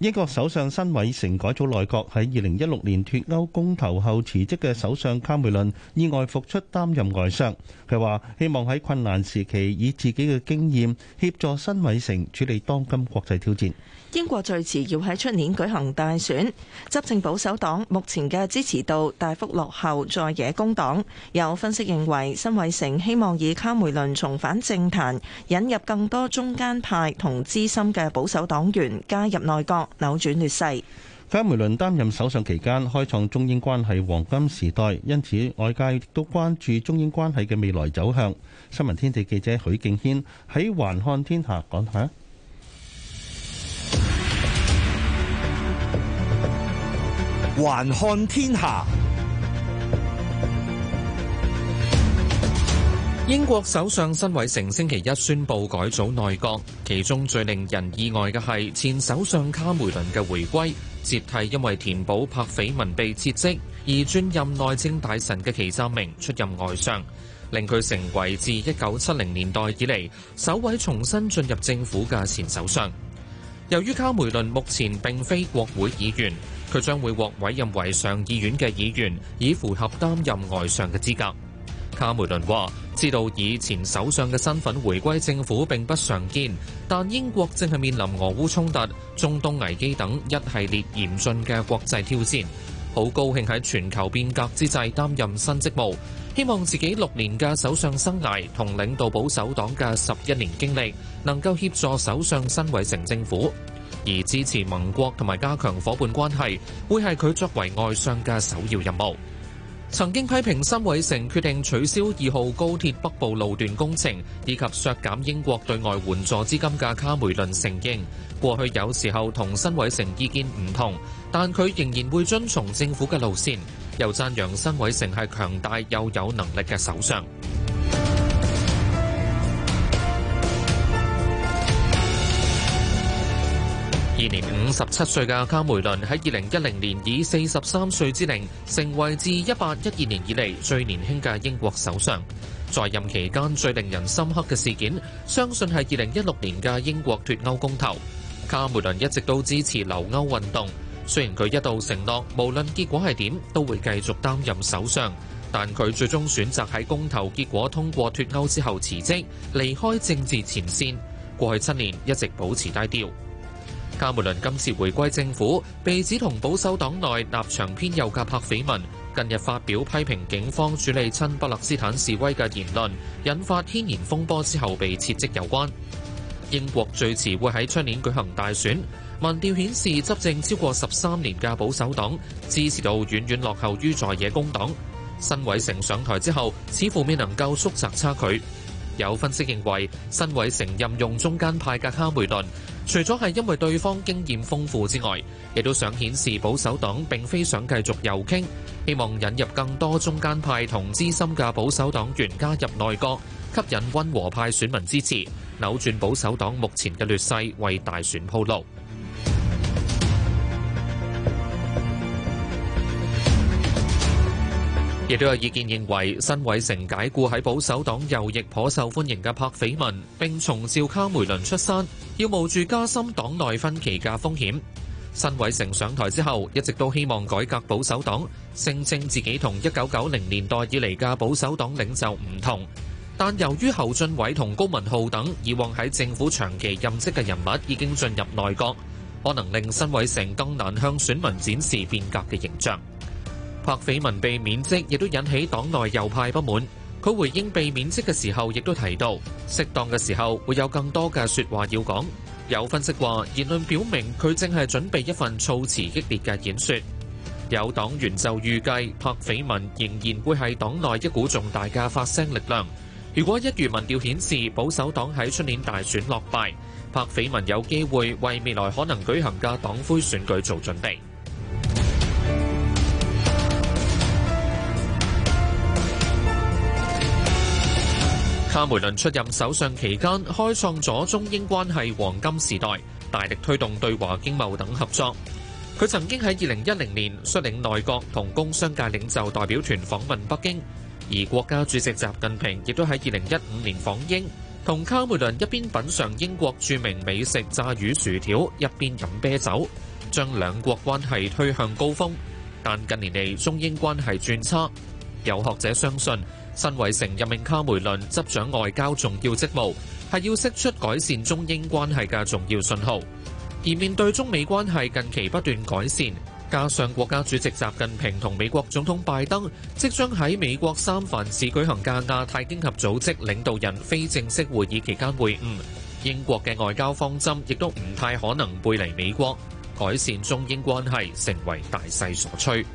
英國首相辛偉誠改組內閣，喺二零一六年脫歐公投後辭職嘅首相卡梅倫意外復出擔任外相。佢話希望喺困難時期以自己嘅經驗協助辛偉誠處理當今國際挑戰。英國最遲要喺出年舉行大選，執政保守黨目前嘅支持度大幅落後在野工黨。有分析認為，辛偉誠希望以卡梅倫重返政壇，引入更多中間派同資深嘅保守黨員加入內閣，扭轉劣勢。卡梅倫擔任首相期間，開創中英關係黃金時代，因此外界亦都關注中英關係嘅未來走向。新聞天地記者許敬軒喺環看天下講下。還看天下。英國首相辛偉誠星期一宣布改組內閣，其中最令人意外嘅係前首相卡梅倫嘅回歸，接替因為填補柏斐文被撤職而專任內政大臣嘅祁湛明出任外相，令佢成為自一九七零年代以嚟首位重新進入政府嘅前首相。由於卡梅倫目前並非國會議員，佢將會獲委任為上議院嘅議員，以符合擔任外相嘅資格。卡梅倫話：知道以前首相嘅身份回歸政府並不常見，但英國正係面臨俄烏衝突、中東危機等一系列嚴峻嘅國際挑戰，好高興喺全球變革之際擔任新職務，希望自己六年嘅首相生涯同領導保守黨嘅十一年經歷，能夠協助首相新委成政府。而支持盟國同埋加強夥伴關係，會係佢作為外相嘅首要任務。曾經批評辛偉誠決定取消二號高鐵北部路段工程以及削減英國對外援助資金嘅卡梅倫承認，過去有時候同辛偉誠意見唔同，但佢仍然會遵從政府嘅路線。又讚揚辛偉誠係強大又有能力嘅首相。二年五十七歲嘅卡梅倫喺二零一零年以四十三歲之齡成為自一八一二年以嚟最年輕嘅英國首相，在任期間最令人深刻嘅事件，相信係二零一六年嘅英國脫歐公投。卡梅倫一直都支持留歐運動，雖然佢一度承諾無論結果係點都會繼續擔任首相，但佢最終選擇喺公投結果通過脫歐之後辭職，離開政治前線。過去七年一直保持低調。卡梅倫今次回歸政府，被指同保守黨內立場偏右嘅柏斐文，近日發表批評警方處理親巴勒斯坦示威嘅言論，引發軒然風波之後被撤職有關。英國最遲會喺出年舉行大選，民調顯示執政超過十三年嘅保守黨支持度遠遠落後於在野工黨。辛偉誠上台之後，似乎未能夠縮窄差距。有分析認為，辛偉誠任用中間派嘅卡梅倫。除咗係因為對方經驗豐富之外，亦都想顯示保守黨並非想繼續右傾，希望引入更多中間派同資深嘅保守黨員加入內閣，吸引溫和派選民支持，扭轉保守黨目前嘅劣勢，為大選鋪路。亦都有意見認為，辛偉誠解雇喺保守黨右翼頗受歡迎嘅柏斐文，並重召卡梅倫出山，要冒住加深黨內分歧嘅風險。辛偉誠上台之後，一直都希望改革保守黨，聲稱自己同一九九零年代以嚟嘅保守黨領袖唔同。但由於侯俊偉同高文浩等以往喺政府長期任職嘅人物已經進入內閣，可能令辛偉誠更難向選民展示變革嘅形象。柏斐文被免職，亦都引起黨內右派不滿。佢回應被免職嘅時候，亦都提到適當嘅時候會有更多嘅説話要講。有分析話，言論表明佢正係準備一份措辭激烈嘅演說。有黨員就預計，柏斐文仍然會係黨內一股重大嘅發聲力量。如果一如民調顯示保守黨喺出年大選落敗，柏斐文有機會為未來可能舉行嘅黨魁選舉做準備。卡梅倫出任首相期間開創咗中英關係黃金時代，大力推動對華經貿等合作。佢曾經喺二零一零年率領內閣同工商界領袖代表團訪問北京，而國家主席習近平亦都喺二零一五年訪英，同卡梅倫一邊品嘗英國著名美食炸魚薯條，一邊飲啤酒，將兩國關係推向高峰。但近年嚟，中英關係轉差，有學者相信，辛偉誠任命卡梅倫執掌外交重要職務，係要釋出改善中英關係嘅重要信號。而面對中美關係近期不斷改善，加上國家主席習近平同美國總統拜登即將喺美國三藩市舉行嘅亞太經合組織領導人非正式會議期間會晤，英國嘅外交方針亦都唔太可能背離美國，改善中英關係成為大勢所趨。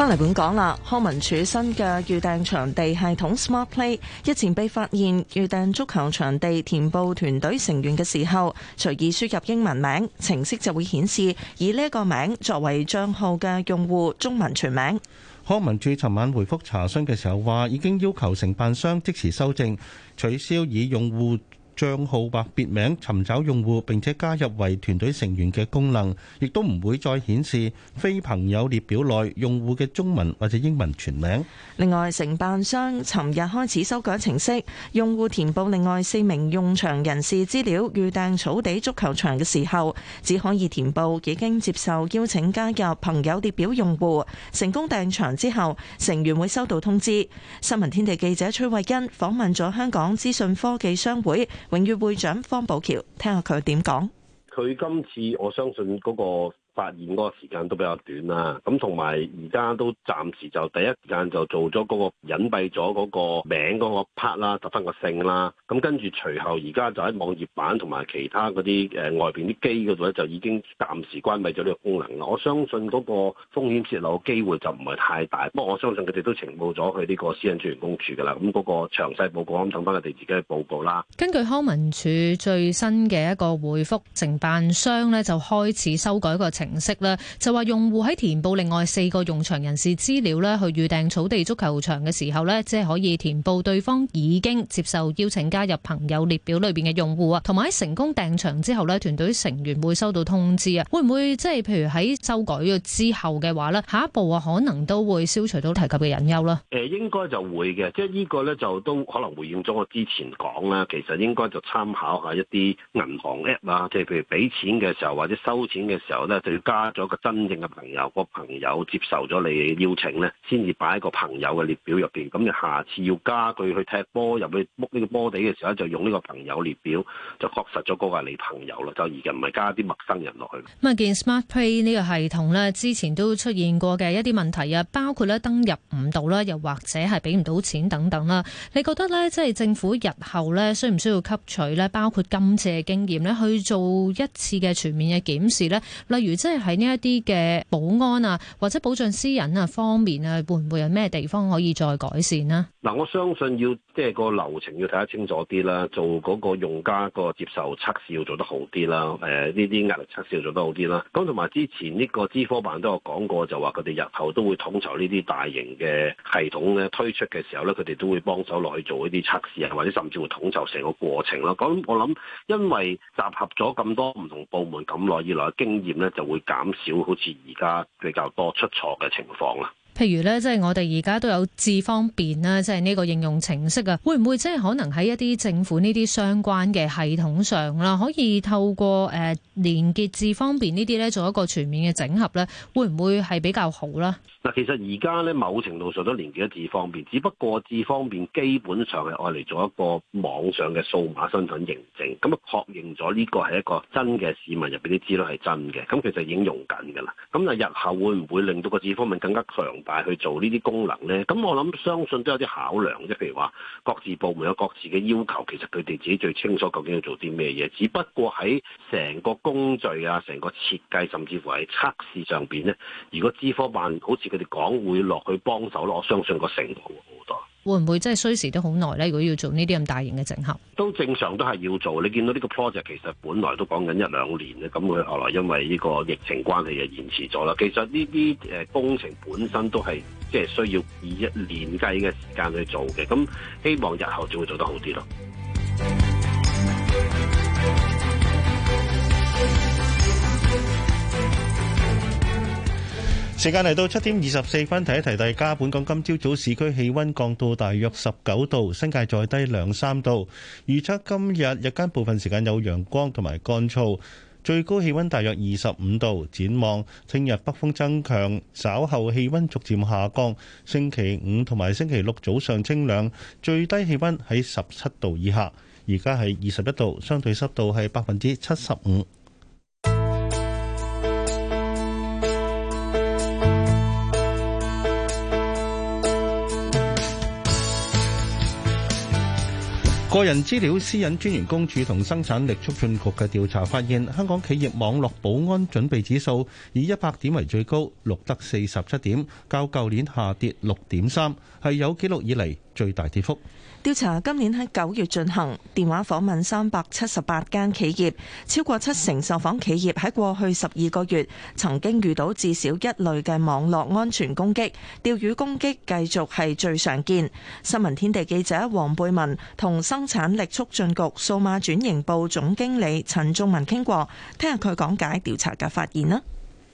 翻嚟本港啦，康文署新嘅預訂場地系統 SmartPlay，日前被發現預訂足球場地填報團隊成員嘅時候，隨意輸入英文名，程式就會顯示以呢個名作為賬號嘅用戶中文全名。康文署尋晚回覆查詢嘅時候話已經要求承辦商即時修正，取消以用戶帳號或別名尋找用戶並且加入為團隊成員嘅功能，亦都唔會再顯示非朋友列表內用戶嘅中文或者英文全名。另外，承辦商尋日開始修改程式，用戶填報另外四名用場人士資料預訂草地足球場嘅時候，只可以填報已經接受邀請加入朋友列表用戶。成功訂場之後，成員會收到通知。新聞天地記者崔慧欣訪問咗香港資訊科技商會。榮譽會長方寶橋，聽下佢點講。佢今次我相信嗰個。發現嗰個時間都比較短啦，咁同埋而家都暫時就第一時間就做咗嗰個隱蔽咗嗰個名嗰個 part 啦，揼翻個姓啦，咁跟住隨後而家就喺網頁版同埋其他嗰啲誒外邊啲機嗰度咧，就已經暫時關閉咗呢個功能啦。我相信嗰個風險泄露嘅機會就唔係太大，不過我相信佢哋都呈報咗去呢個私人專員公署㗎啦。咁嗰個詳細報告咁等翻佢哋自己去報告啦。根據康文署最新嘅一個回覆，承辦商咧就開始修改個。程式啦，就話用戶喺填報另外四個用場人士資料咧，去預訂草地足球場嘅時候咧，即係可以填報對方已經接受邀請加入朋友列表裏邊嘅用戶啊，同埋喺成功訂場之後咧，團隊成員會收到通知啊。會唔會即係譬如喺修改咗之後嘅話咧，下一步啊可能都會消除到提及嘅隱憂啦？誒，應該就會嘅，即係呢個咧就都可能回應咗我之前講啦。其實應該就參考下一啲銀行 app 啊，即係譬如俾錢嘅時候或者收錢嘅時候咧。要加咗個真正嘅朋友，個朋友接受咗你邀請呢先至擺喺個朋友嘅列表入面。咁你下次要加佢去踢波，入去摸呢個波地嘅時候，就用呢個朋友列表就確實咗嗰個係你朋友啦。就而家唔係加啲陌生人落去。咁啊，見 SmartPay 呢個系統呢，之前都出現過嘅一啲問題啊，包括咧登入唔到啦，又或者係俾唔到錢等等啦。你覺得呢？即係政府日後呢，需唔需要吸取呢？包括今次嘅經驗呢，去做一次嘅全面嘅檢視呢？例如？即係喺呢一啲嘅保安啊，或者保障私隱啊方面啊，會唔會有咩地方可以再改善咧？嗱，我相信要即係、就是、個流程要睇得清楚啲啦，做嗰個用家個接受測試要做得好啲啦。誒、呃，呢啲壓力測試要做得好啲啦。咁同埋之前呢個資科辦都有講過，就話佢哋日後都會統籌呢啲大型嘅系統咧推出嘅時候咧，佢哋都會幫手落去做一啲測試啊，或者甚至會統籌成個過程咯。咁我諗，因為集合咗咁多唔同部門咁耐以來嘅經驗咧，就會減少好似而家比較多出錯嘅情況啦。譬如咧，即係我哋而家都有智方便啦，即係呢個應用程式啊，會唔會即係可能喺一啲政府呢啲相關嘅系統上啦，可以透過誒、呃、連結智方便呢啲咧，做一個全面嘅整合咧，會唔會係比較好啦？嗱，其實而家咧，某程度上都連結咗智方便，只不過智方便基本上係愛嚟做一個網上嘅數碼身份認證，咁啊確認咗呢個係一個真嘅市民入面啲資料係真嘅，咁其實已經用緊㗎啦。咁啊，日後會唔會令到個智方便更加強大去做呢啲功能咧？咁我諗相信都有啲考量，即譬如話，各自部門有各自嘅要求，其實佢哋自己最清楚究竟要做啲咩嘢。只不過喺成個工序啊、成個設計，甚至乎係測試上面咧，如果資科辦好似，佢哋講會落去幫手囉，我相信個成果會好多。會唔會真係需時都好耐咧？如果要做呢啲咁大型嘅整合，都正常都係要做。你見到呢個 project 其實本來都講緊一兩年嘅，咁佢後來因為呢個疫情關係就延遲咗啦。其實呢啲誒工程本身都係即係需要以一年計嘅時間去做嘅。咁希望日後就會做得好啲咯。時間嚟到七點二十四分，提一提大家。本港今朝早市區氣温降到大約十九度，新界再低兩三度。預測今日日間部分時間有陽光同埋乾燥，最高氣温大約二十五度。展望聽日北風增強，稍後氣温逐漸下降。星期五同埋星期六早上清涼，最低氣温喺十七度以下。而家係二十一度，相對濕度係百分之七十五。個人資料私隱專員公署同生產力促進局嘅調查發現，香港企業網絡保安準備指數以一百點為最高，錄得四十七點，較舊年下跌六點三，係有記錄以嚟最大跌幅。調查今年喺九月進行，電話訪問三百七十八間企業，超過七成受訪企業喺過去十二個月曾經遇到至少一類嘅網絡安全攻擊，釣魚攻擊繼續係最常見。新聞天地記者黃貝文同生產力促進局數碼轉型部總經理陳仲文傾過，聽下佢講解調查嘅發現啦。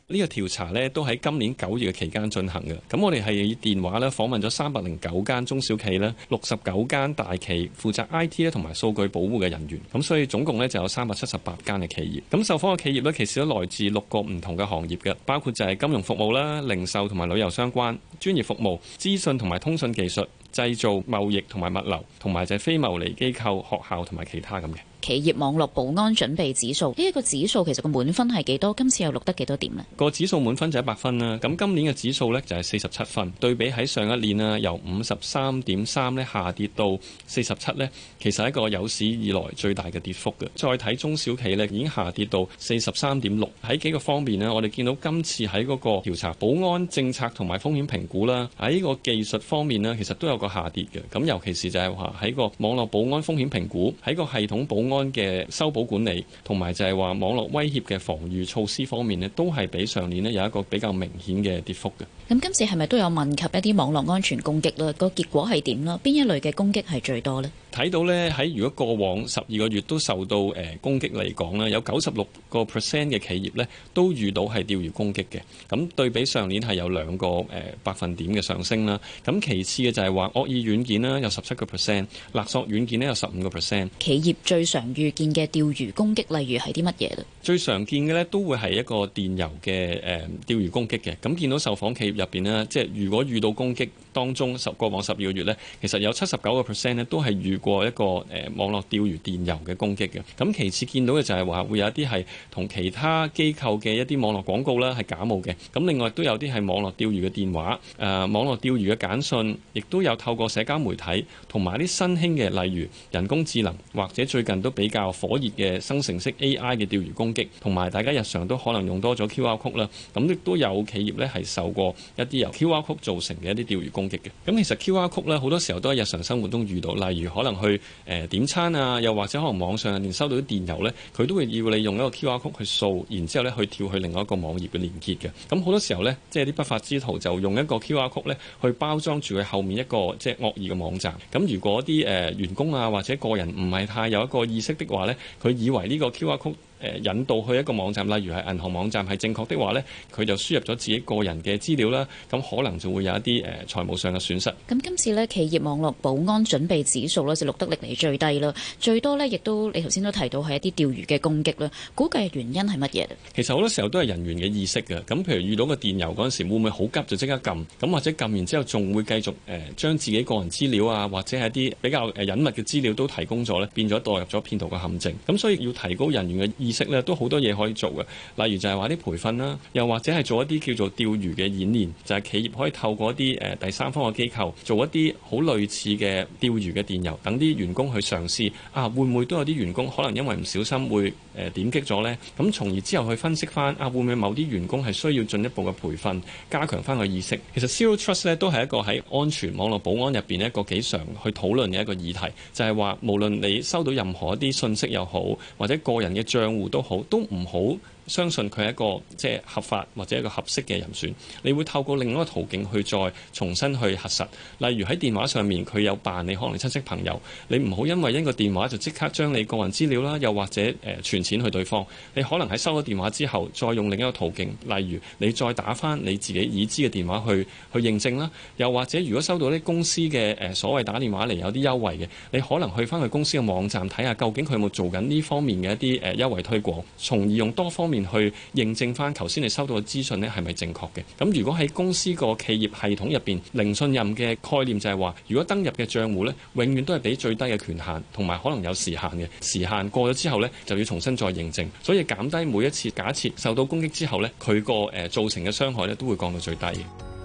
呢個調查呢都喺今年九月嘅期間進行嘅，咁我哋係以電話咧訪問咗三百零九間中小企呢六十九間大企負責 IT 同埋數據保護嘅人員，咁所以總共呢就有三百七十八間嘅企業。咁受訪嘅企業呢，其實都來自六個唔同嘅行業嘅，包括就係金融服務啦、零售同埋旅遊相關、專業服務、資訊同埋通訊技術、製造、貿易同埋物流，同埋就係非牟利機構、學校同埋其他咁嘅。企業網絡保安準備指數呢一個指數其實個滿分係幾多？今次又錄得幾多點咧？個指數滿分就一百分啦。咁今年嘅指數呢，就係四十七分，對比喺上一年啦，由五十三點三呢下跌到四十七呢，其實係一個有史以來最大嘅跌幅嘅。再睇中小企呢，已經下跌到四十三點六。喺幾個方面呢，我哋見到今次喺嗰個調查，保安政策同埋風險評估啦，喺呢個技術方面呢，其實都有個下跌嘅。咁尤其是就係話喺個網絡保安風險評估，喺個系統保安，嘅修補管理同埋就係話網絡威脅嘅防禦措施方面呢，都係比上年呢有一個比較明顯嘅跌幅嘅。咁今次係咪都有問及一啲網絡安全攻擊呢？那個結果係點呢？邊一類嘅攻擊係最多呢？睇到呢，喺如果過往十二個月都受到誒、呃、攻擊嚟講呢，有九十六個 percent 嘅企業呢都遇到係釣魚攻擊嘅。咁對比上年係有兩個誒、呃、百分點嘅上升啦。咁其次嘅就係話惡意軟件啦，有十七個 percent；勒索軟件呢有十五個 percent。企業最常遇見嘅釣魚攻擊，例如係啲乜嘢？最常見嘅呢，都會係一個電郵嘅誒釣魚攻擊嘅。咁見到受訪企業入邊呢，即係如果遇到攻擊當中十過往十二個月呢，其實有七十九個 percent 咧，都係遇過一個誒網絡釣魚電郵嘅攻擊嘅。咁其次見到嘅就係話會有一啲係同其他機構嘅一啲網絡廣告啦係假冒嘅。咁另外都有啲係網絡釣魚嘅電話，誒網絡釣魚嘅簡訊，亦都有透過社交媒體同埋啲新興嘅，例如人工智能或者最近。都比較火熱嘅生成式 AI 嘅釣魚攻擊，同埋大家日常都可能用多咗 QR code 啦。咁亦都有企業呢係受過一啲由 QR code 造成嘅一啲釣魚攻擊嘅。咁其實 QR code 呢，好多時候都喺日常生活中遇到，例如可能去誒點餐啊，又或者可能網上連收到啲電郵呢，佢都會要你用一個 QR code 去掃，然之後呢去跳去另外一個網頁嘅連結嘅。咁好多時候呢，即係啲不法之徒就用一個 QR code 呢去包裝住佢後面一個即係惡意嘅網站。咁如果啲誒員工啊或者個人唔係太有一個。意識的話咧，佢以為呢個 QR Code。誒引導去一個網站，例如係銀行網站，係正確的話呢，佢就輸入咗自己個人嘅資料啦。咁可能就會有一啲誒財務上嘅損失。咁今次呢，企業網絡保安準備指數呢，就錄得歷嚟最低啦。最多呢，亦都你頭先都提到係一啲釣魚嘅攻擊啦。估計原因係乜嘢？其實好多時候都係人員嘅意識嘅。咁譬如遇到個電郵嗰陣時，會唔會好急就即刻撳？咁或者撳完之後仲會繼續誒、呃、將自己個人資料啊，或者係一啲比較誒隱密嘅資料都提供咗呢，變咗墮入咗騙徒嘅陷阱。咁所以要提高人員嘅意識呢都好多嘢可以做嘅，例如就係話啲培訓啦，又或者係做一啲叫做釣魚嘅演練，就係、是、企業可以透過一啲、呃、第三方嘅機構做一啲好類似嘅釣魚嘅電郵，等啲員工去嘗試，啊會唔會都有啲員工可能因為唔小心會誒、呃、點擊咗呢？咁從而之後去分析翻啊會唔會某啲員工係需要進一步嘅培訓，加強翻個意識。其實 Zero Trust 呢都係一個喺安全網絡保安入面一個幾常去討論嘅一個議題，就係、是、話無論你收到任何一啲信息又好，或者個人嘅帳。都好，都唔好。相信佢係一個即係合法或者一個合適嘅人選，你會透過另外一個途徑去再重新去核實，例如喺電話上面佢有辦理，可能親戚朋友，你唔好因為一個電話就即刻將你個人資料啦，又或者誒存錢去對方。你可能喺收咗電話之後再用另一個途徑，例如你再打翻你自己已知嘅電話去去認證啦。又或者如果收到啲公司嘅誒所謂打電話嚟有啲優惠嘅，你可能去翻去公司嘅網站睇下究竟佢有冇做緊呢方面嘅一啲誒優惠推廣，從而用多方面。去認證翻頭先你收到嘅資訊呢係咪正確嘅？咁如果喺公司個企業系統入面，零信任嘅概念就係話，如果登入嘅賬戶呢永遠都係俾最低嘅權限，同埋可能有時限嘅。時限過咗之後呢，就要重新再認證。所以減低每一次，假設受到攻擊之後呢，佢個誒造成嘅傷害呢都會降到最低嘅。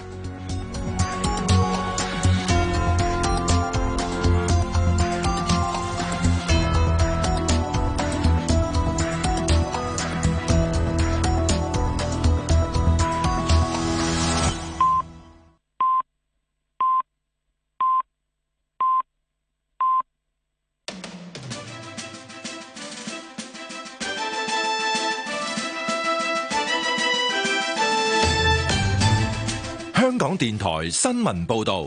電台新聞報道，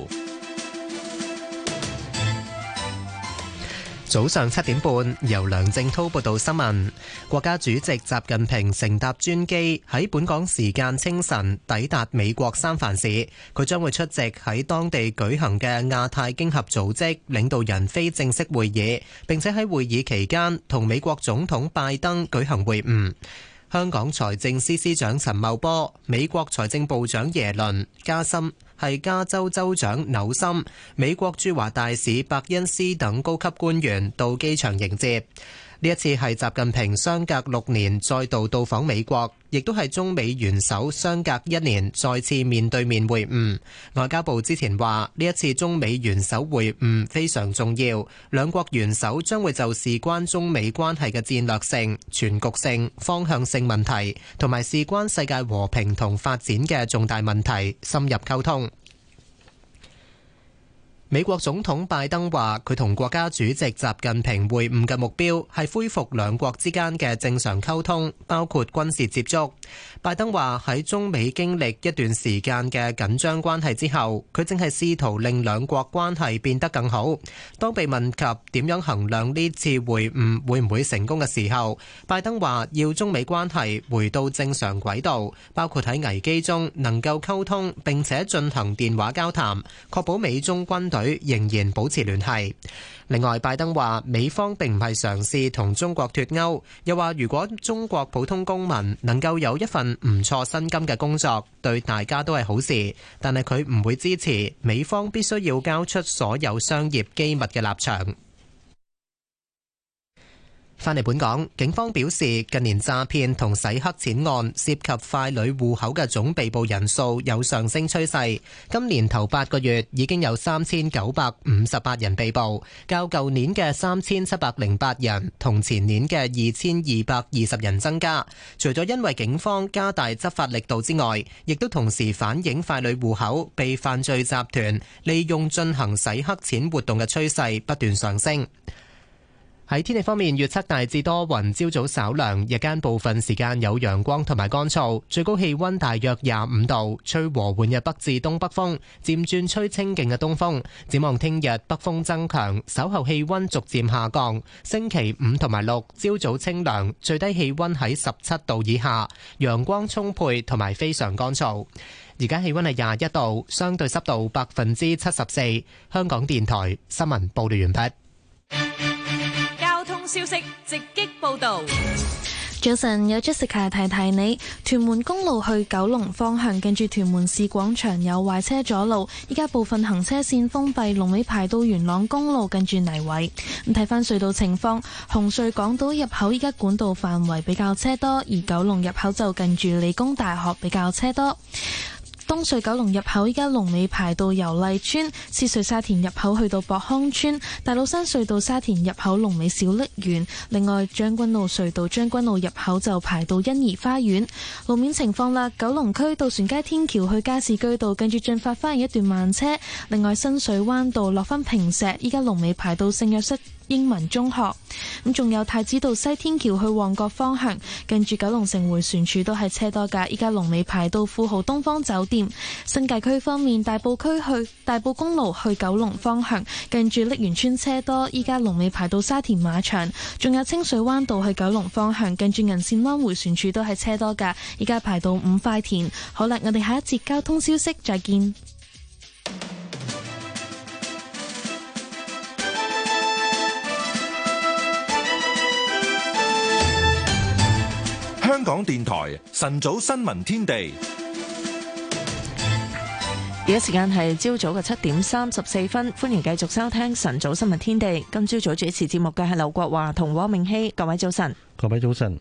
早上七點半，由梁正滔報道新聞。國家主席習近平乘搭專機喺本港時間清晨抵達美國三藩市，佢將會出席喺當地舉行嘅亞太經合組織領導人非正式會議，並且喺會議期間同美國總統拜登舉行會晤。香港財政司司長陳茂波、美國財政部長耶倫、加森係加州州長紐森、美國駐華大使白恩斯等高級官員到機場迎接。呢一次係習近平相隔六年再度到訪美國。亦都係中美元首相隔一年再次面對面會晤。外交部之前話，呢一次中美元首會晤非常重要，兩國元首將會就事關中美關係嘅戰略性、全局性、方向性問題，同埋事關世界和平同發展嘅重大問題深入溝通。美國總統拜登話佢同國家主席習近平會晤嘅目標係恢復兩國之間嘅正常溝通，包括軍事接觸。拜登話喺中美經歷一段時間嘅緊張關係之後，佢正係試圖令兩國關係變得更好。當被問及點樣衡量呢次會晤會唔會成功嘅時候，拜登話要中美關係回到正常軌道，包括喺危機中能夠溝通，並且進行電話交談，確保美中軍隊。仍然保持聯繫。另外，拜登話美方並唔係嘗試同中國脫鈎，又話如果中國普通公民能夠有一份唔錯薪金嘅工作，對大家都係好事。但係佢唔會支持美方必須要交出所有商業機密嘅立場。翻嚟本港，警方表示近年詐騙同洗黑錢案涉及傀儡戶口嘅總被捕人數有上升趨勢。今年頭八個月已經有三千九百五十八人被捕，較舊年嘅三千七百零八人同前年嘅二千二百二十人增加。除咗因為警方加大執法力度之外，亦都同時反映傀儡戶口被犯罪集團利用進行洗黑錢活動嘅趨勢不斷上升。喺天氣方面，預測大致多雲，朝早稍涼，日間部分時間有陽光同埋乾燥，最高氣温大約廿五度，吹和緩嘅北至東北風，漸轉吹清勁嘅東風。展望聽日北風增強，稍後氣温逐漸下降。星期五同埋六朝早清涼，最低氣温喺十七度以下，陽光充沛同埋非常乾燥。而家氣温係廿一度，相對濕度百分之七十四。香港電台新聞報道完畢。消息直擊報道，早晨有 Jessica 提提你，屯門公路去九龍方向近住屯門市廣場有壞車阻路，依家部分行車線封閉，龍尾排到元朗公路近住泥位。咁睇返隧道情況，紅隧港島入口依家管道範圍比較車多，而九龍入口就近住理工大學比較車多。東隧九龍入口依家龍尾排到油麗邨，獅隧沙田入口去到博康村，大老山隧道沙田入口龍尾小瀝源。另外將軍澳隧道將軍澳入口就排到欣怡花園。路面情況啦，九龍區渡船街天橋去加士居道近住進發花園一段慢車。另外新水灣道落翻平石，依家龍尾排到聖約瑟。英文中學，咁仲有太子道西天橋去旺角方向，近住九龍城回旋處都係車多㗎。依家龍尾排到富豪東方酒店。新界區方面，大埔區去大埔公路去九龍方向，近住瀝源村車多，依家龍尾排到沙田馬場。仲有清水灣道去九龍方向，近住銀線灣回旋處都係車多㗎，依家排到五塊田。好啦，我哋下一節交通消息再見。香港電台晨早新聞天地，而家時間係朝早嘅七點三十四分，歡迎繼續收聽晨早新聞天地。今朝早主持節目嘅係劉國華同汪明熙。各位早晨，各位早晨。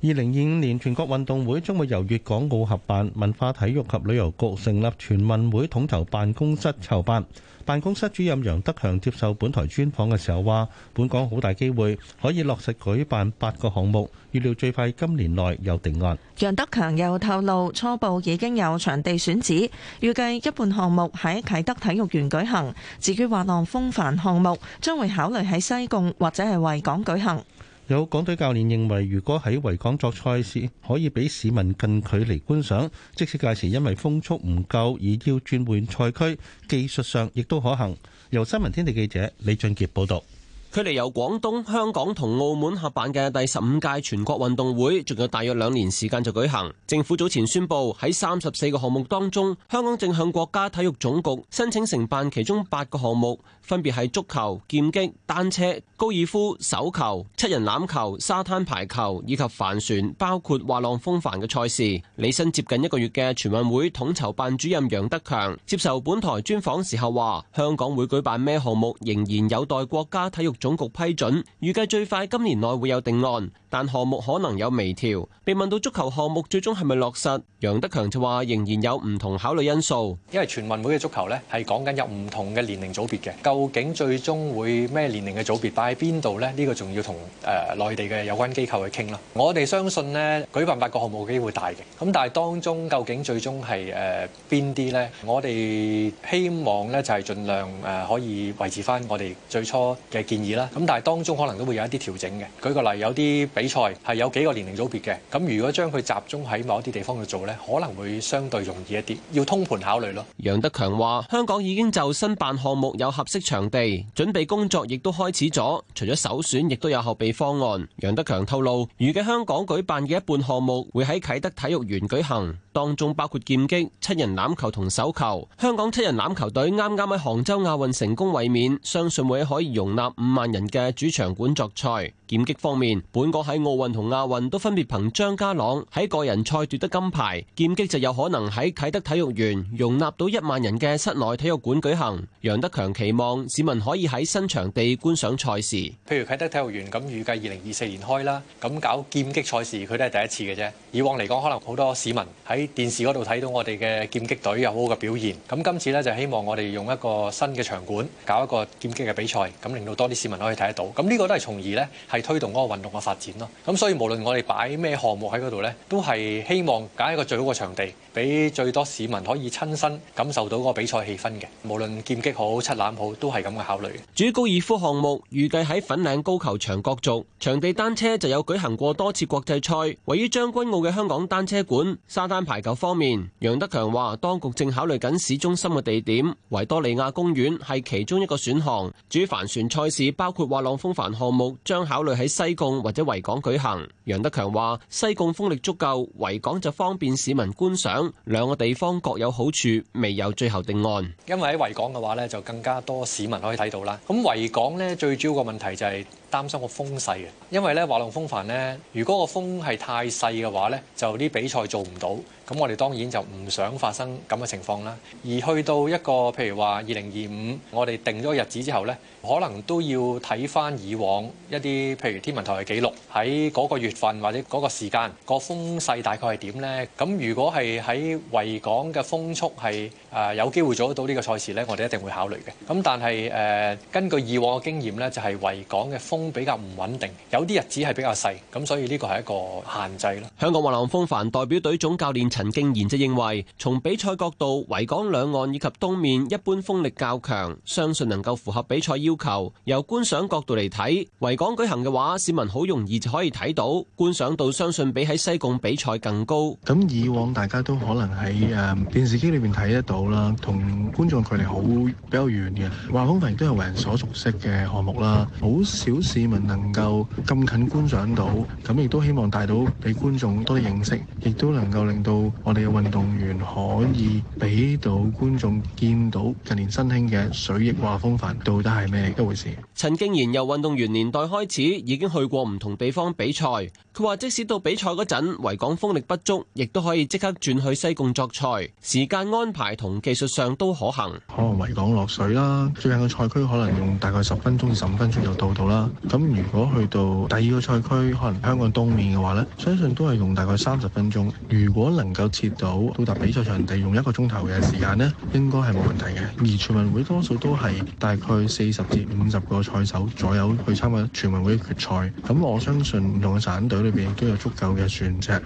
二零二五年全國運動會將會由粵港澳合辦，文化體育及旅遊局成立全運會統籌辦公室籌辦。辦公室主任楊德強接受本台專訪嘅時候話，本港好大機會可以落實舉辦八個項目，預料最快今年內有定案。楊德強又透露，初步已經有場地選址，預計一半項目喺啟德體育園舉行，至於滑浪風帆項目將會考慮喺西貢或者係維港舉行。有港隊教練認為，如果喺維港作賽事，可以俾市民近距離觀賞，即使屆時因為風速唔夠而要轉換賽區，技術上亦都可行。由新聞天地記者李俊杰報道。距離由廣東、香港同澳門合辦嘅第十五屆全國運動會，仲有大約兩年時間就舉行。政府早前宣布喺三十四個項目當中，香港正向國家體育總局申請承辦其中八個項目，分別係足球、劍擊、單車、高爾夫、手球、七人欖球、沙灘排球以及帆船，包括滑浪風帆嘅賽事。履新接近一個月嘅全運會統籌辦主任楊德強接受本台專訪時候話，香港會舉辦咩項目仍然有待國家體育。總局批准，預計最快今年內會有定案。但項目可能有微調，被問到足球項目最終係咪落實，楊德強就話仍然有唔同考慮因素，因為全運會嘅足球呢係講緊有唔同嘅年齡組別嘅，究竟最終會咩年齡嘅組別擺喺邊度呢？呢個仲要同誒內地嘅有關機構去傾啦。我哋相信呢舉辦八個項目機會大嘅，咁但係當中究竟最終係誒邊啲呢？我哋希望呢就係盡量誒可以維持返我哋最初嘅建議啦。咁但係當中可能都會有一啲調整嘅。舉個例，有啲。比賽係有幾個年齡組別嘅，咁如果將佢集中喺某一啲地方去做呢，可能會相對容易一啲，要通盤考慮咯。楊德強話：香港已經就新辦項目有合適場地，準備工作亦都開始咗，除咗首選，亦都有後備方案。楊德強透露，預計香港舉辦嘅一半項目會喺啟德體育園舉行，當中包括劍擊、七人欖球同手球。香港七人欖球隊啱啱喺杭州亞運成功衛冕，相信會可以容納五萬人嘅主場館作賽。劍擊方面，本港喺奧運同亞運都分別憑張家朗喺個人賽奪得金牌，劍擊就有可能喺啟德體育園容納到一萬人嘅室內體育館舉行。楊德強期望市民可以喺新場地觀賞賽事，譬如啟德體育園咁，預計二零二四年開啦。咁搞劍擊賽事，佢都係第一次嘅啫。以往嚟講，可能好多市民喺電視嗰度睇到我哋嘅劍擊隊有好好嘅表現。咁今次呢就希望我哋用一個新嘅場館搞一個劍擊嘅比賽，咁令到多啲市民可以睇得到。咁呢個都係從而呢係推動嗰個運動嘅發展。咁所以無論我哋擺咩項目喺嗰度呢，都係希望揀一個最好嘅場地，俾最多市民可以親身感受到個比賽氣氛嘅。無論劍擊好、七欖好，都係咁嘅考慮。至於高爾夫項目預計喺粉嶺高球場角逐，場地單車就有舉行過多次國際賽，位於將軍澳嘅香港單車館。沙灘排球方面，楊德強話，當局正考慮緊市中心嘅地點，維多利亞公園係其中一個選項。至於帆船賽事包括滑浪風帆項目，將考慮喺西貢或者維港舉行。楊德強話：西貢風力足夠，維港就方便市民觀賞。兩個地方各有好處，未有最後定案。因為喺維港嘅話咧，就更加多市民可以睇到啦。咁維港咧，最主要個問題就係擔心個風勢啊。因為咧，滑浪風帆咧，如果個風係太細嘅話咧，就啲比賽做唔到。咁我哋當然就唔想發生咁嘅情況啦。而去到一個譬如話二零二五，我哋定咗日子之後咧，可能都要睇翻以往一啲譬如天文台嘅記錄喺嗰個月。份或者嗰個時間，個風勢大概係點呢？咁如果係喺維港嘅風速係誒有機會做得到呢個賽事呢，我哋一定會考慮嘅。咁但係誒、呃，根據以往嘅經驗呢，就係、是、維港嘅風比較唔穩定，有啲日子係比較細，咁所以呢個係一個限制啦。香港滑浪風帆代表隊總教練陳敬賢就認為，從比賽角度，維港兩岸以及東面一般風力較強，相信能夠符合比賽要求。由觀賞角度嚟睇，維港舉行嘅話，市民好容易就可以睇到。觀賞到相信比喺西貢比賽更高。咁以往大家都可能喺誒電視機裏面睇得到啦，同觀眾距離好比較遠嘅滑風帆亦都係為人所熟悉嘅項目啦。好少市民能夠咁近觀賞到，咁亦都希望帶到俾觀眾多啲認識，亦都能夠令到我哋嘅運動員可以俾到觀眾見到近年新興嘅水翼滑風帆到底係咩一回事。陳敬賢由運動員年代開始，已經去過唔同地方比賽。佢話：即使到比賽嗰陣，維港風力不足，亦都可以即刻轉去西貢作賽。時間安排同技術上都可行。可能維港落水啦，最近嘅賽區可能用大概十分鐘至十五分鐘就到到啦。咁如果去到第二個賽區，可能香港東面嘅話呢，相信都係用大概三十分鐘。如果能夠設到到達比賽場地用一個鐘頭嘅時間呢，應該係冇問題嘅。而全運會多數都係大概四十至五十個賽手左右去參加全運會決賽。咁我相信唔同嘅。隊裏面都有足夠嘅船隻，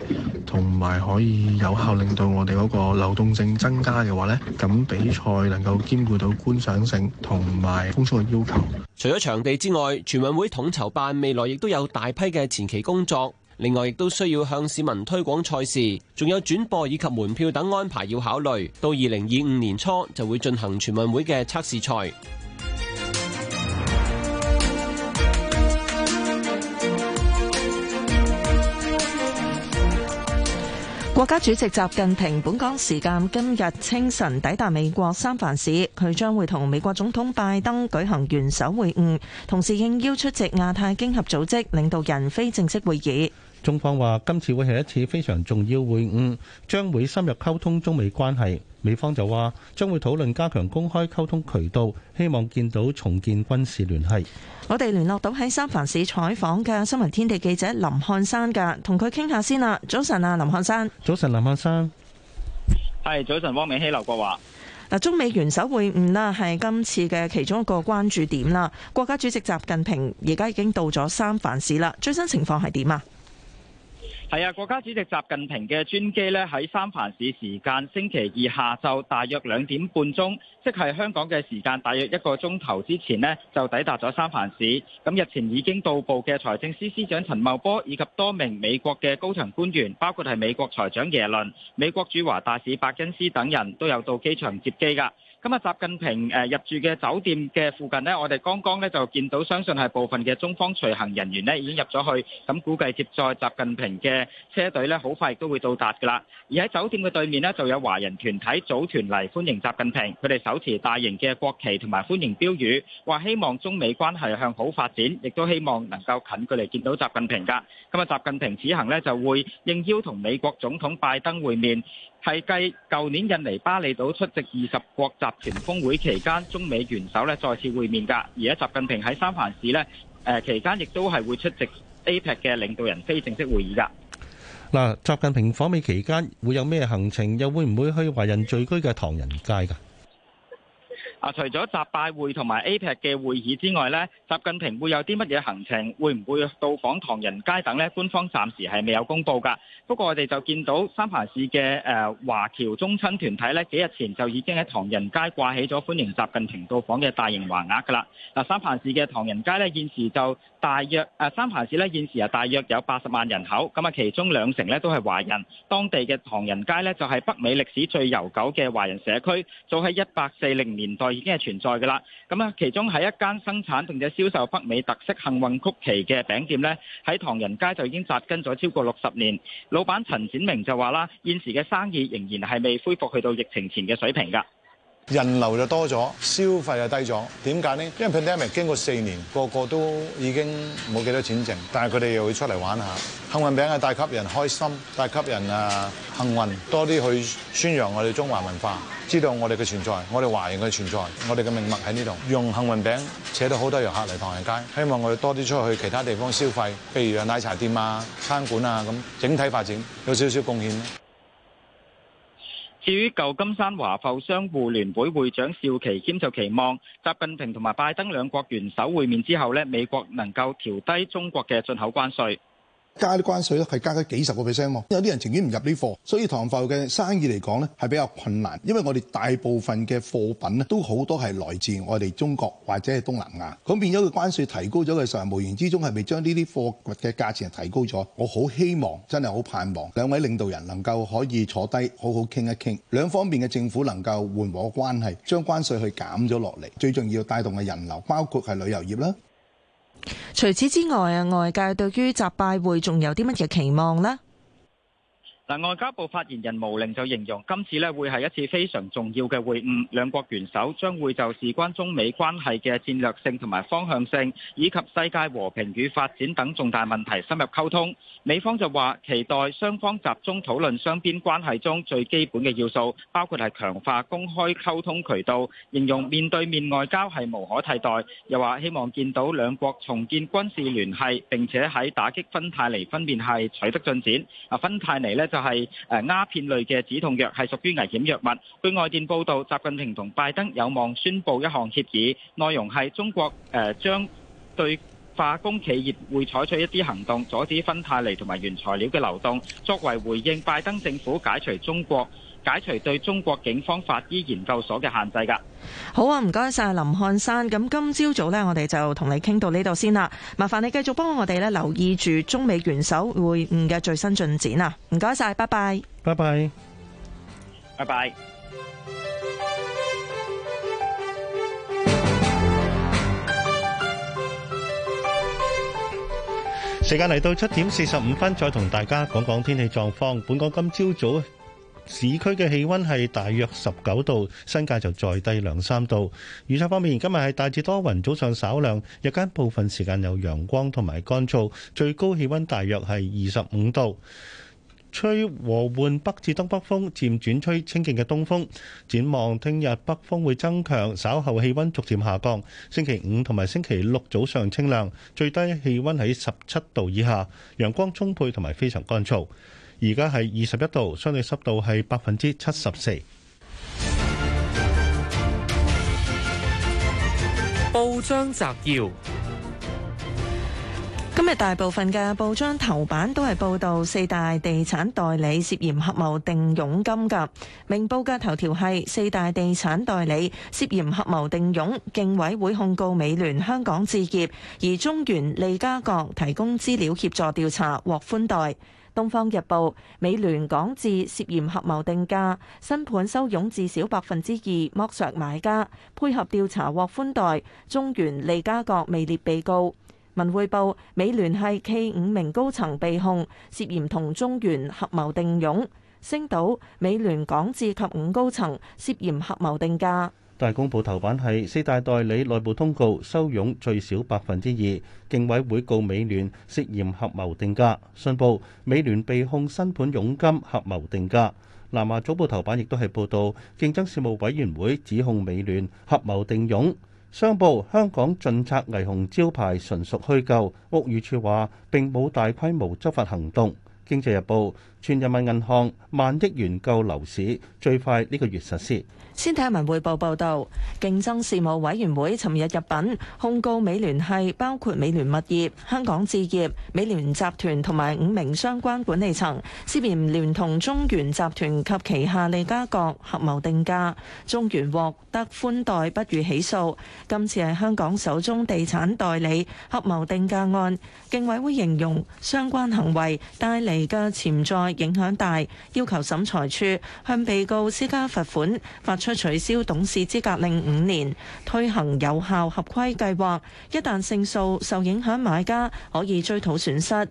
同埋可以有效令到我哋嗰個流動性增加嘅話呢，咁比賽能夠兼顧到觀賞性同埋風速嘅要求。除咗場地之外，全運會統籌辦未來亦都有大批嘅前期工作，另外亦都需要向市民推廣賽事，仲有轉播以及門票等安排要考慮。到二零二五年初就會進行全運會嘅測試賽。國家主席習近平本港時間今日清晨抵達美國三藩市，佢將會同美國總統拜登舉行元首會晤，同時應邀出席亞太經合組織領導人非正式會議。中方話今次會係一次非常重要會晤，將會深入溝通中美關係。美方就話將會討論加強公開溝通渠道，希望見到重建軍事聯繫。我哋聯絡到喺三藩市採訪嘅新聞天地記者林漢山㗎，同佢傾下先啦。早晨啊，林漢山。早晨，林漢山。係，早晨，汪美希、劉國華嗱。中美元首會晤啦，係今次嘅其中一個關注點啦。國家主席習近平而家已經到咗三藩市啦，最新情況係點啊？係啊，國家主席習近平嘅專機呢，喺三藩市時間星期二下晝大約兩點半鐘，即係香港嘅時間大約一個鐘頭之前呢，就抵達咗三藩市。咁日前已經到步嘅財政司司長陳茂波以及多名美國嘅高層官員，包括係美國財長耶倫、美國駐華大使白金斯等人都有到機場接機㗎。今日習近平誒入住嘅酒店嘅附近呢，我哋剛剛咧就見到，相信係部分嘅中方隨行人員呢已經入咗去，咁估計接載習近平嘅車隊呢，好快都會到達㗎喇。而喺酒店嘅對面呢，就有華人團體組團嚟歡迎習近平，佢哋手持大型嘅國旗同埋歡迎標語，話希望中美關係向好發展，亦都希望能夠近距離見到習近平㗎。咁啊，習近平此行呢，就會應邀同美國總統拜登會面。係繼舊年印尼巴厘島出席二十國集團峰會期間，中美元首呢再次會面噶而家習近平喺三藩市呢，誒期間亦都係會出席 APEC 嘅領導人非正式會議噶。嗱，習近平訪美期間會有咩行程？又會唔會去華人聚居嘅唐人街噶？啊！除咗習拜會同埋 APEC 嘅會議之外咧，習近平會有啲乜嘢行程？會唔會到訪唐人街等咧？官方暫時係未有公佈㗎。不過我哋就見到三藩市嘅誒、呃、華僑宗親團體咧，幾日前就已經喺唐人街掛起咗歡迎習近平到訪嘅大型橫額㗎啦。嗱、啊，三藩市嘅唐人街咧，現時就～大約誒三藩市咧，現時啊大約有八十萬人口，咁啊其中兩成咧都係華人，當地嘅唐人街咧就係北美歷史最悠久嘅華人社區，早喺一八四零年代已經係存在噶啦。咁啊其中喺一間生產或者銷售北美特色幸運曲奇嘅餅店咧，喺唐人街就已經扎根咗超過六十年。老闆陳展明就話啦，現時嘅生意仍然係未恢復去到疫情前嘅水平㗎。人流就多咗，消費就低咗。點解呢？因為 pandemic 經過四年，個個都已經冇幾多錢剩，但係佢哋又會出嚟玩下。幸運餅係帶給人開心，帶給人啊幸運，多啲去宣揚我哋中華文化，知道我哋嘅存在，我哋華人嘅存在，我哋嘅命脈喺呢度。用幸運餅扯到好多遊客嚟唐人街，希望我哋多啲出去其他地方消費，譬如啊奶茶店啊、餐館啊咁，整體發展有少少貢獻。至於舊金山華埠商戶聯會會長邵琪謙就期望習近平同埋拜登兩國元首會面之後呢，美國能夠調低中國嘅進口關稅。加啲關稅咧，係加咗幾十個 percent。有啲人情願唔入呢貨，所以唐埠嘅生意嚟講咧，係比較困難。因為我哋大部分嘅貨品咧，都好多係來自我哋中國或者係東南亞。咁變咗個關稅提高咗嘅時候，無形之中係咪將呢啲貨物嘅價錢提高咗？我好希望，真係好盼望兩位領導人能夠可以坐低好好傾一傾，兩方面嘅政府能夠緩和關係，將關稅去減咗落嚟，最重要帶動嘅人流包括係旅遊業啦。除此之外啊，外界對於習拜會仲有啲乜嘢期望呢？嗱，外交部發言人毛寧就形容，今次呢會係一次非常重要嘅會晤，兩國元首將會就事關中美關係嘅戰略性同埋方向性，以及世界和平與發展等重大問題深入溝通。美方就話期待雙方集中討論雙邊關係中最基本嘅要素，包括係強化公開溝通渠道，形容面對面外交係無可替代。又話希望見到兩國重建軍事聯繫，並且喺打擊芬太尼分辨係取得進展。啊，芬太尼呢就係誒鴉片類嘅止痛藥，係屬於危險藥物。據外電報道，習近平同拜登有望宣布一項協議，內容係中國、呃、將對化工企業會採取一啲行動，阻止芬太尼同埋原材料嘅流動，作為回應。拜登政府解除中國解除對中國警方法醫研究所嘅限制噶。好啊，唔該晒林漢山。咁今朝早咧，我哋就同你傾到呢度先啦。麻煩你繼續幫我哋咧留意住中美元首會晤嘅最新進展啊！唔該晒，拜拜，拜拜，拜拜。時間嚟到七點四十五分，再同大家講講天氣狀況。本港今朝早早市區嘅氣溫係大約十九度，新界就再低兩三度。預測方面，今日係大致多雲，早上少量，日間部分時間有陽光同埋乾燥，最高氣溫大約係二十五度。吹和緩北至東北風，漸轉吹清勁嘅東風。展望聽日北風會增強，稍後氣溫逐漸下降。星期五同埋星期六早上清涼，最低氣溫喺十七度以下，陽光充沛同埋非常乾燥。而家係二十一度，相對濕度係百分之七十四。報章摘要。今日大部分嘅報章頭版都係報道四大地產代理涉嫌合謀定佣金㗎。明報嘅頭條係：四大地產代理涉嫌合謀定佣，競委會控告美聯香港置業，而中原、利嘉閣提供資料協助調查獲寬待。東方日報：美聯港置涉嫌合謀定價，新盤收佣至少百分之二，剝削買家，配合調查獲寬待，中原、利嘉閣未列被告。文匯報：美聯系 K 五名高層被控涉嫌同中原合謀定佣；星島：美聯港置及五高層涉嫌合謀定價。大公報頭版係四大代理內部通告收佣最少百分之二，競委會告美聯涉嫌合謀定價。信報：美聯被控新盤佣金合謀定價。南華早報頭版亦都係報道競爭事務委員會指控美聯合謀定佣。商報：香港盡拆霓虹招牌純屬虛構。屋宇署話並冇大規模執法行動。經濟日報：全人民銀行萬億元救樓市，最快呢個月實施。先睇下文匯報報道，競爭事務委員會尋日入稟控告美聯系，包括美聯物業、香港置業、美聯集團同埋五名相關管理層涉嫌聯同中原集團及旗下利嘉閣合謀定價。中原獲得寬待，不予起訴。今次係香港首宗地產代理合謀定價案，競委會形容相關行為帶嚟嘅潛在影響大，要求審裁處向被告施加罰款。出取消董事資格令五年，推行有效合規計劃。一旦勝訴，受影響買家可以追討損失。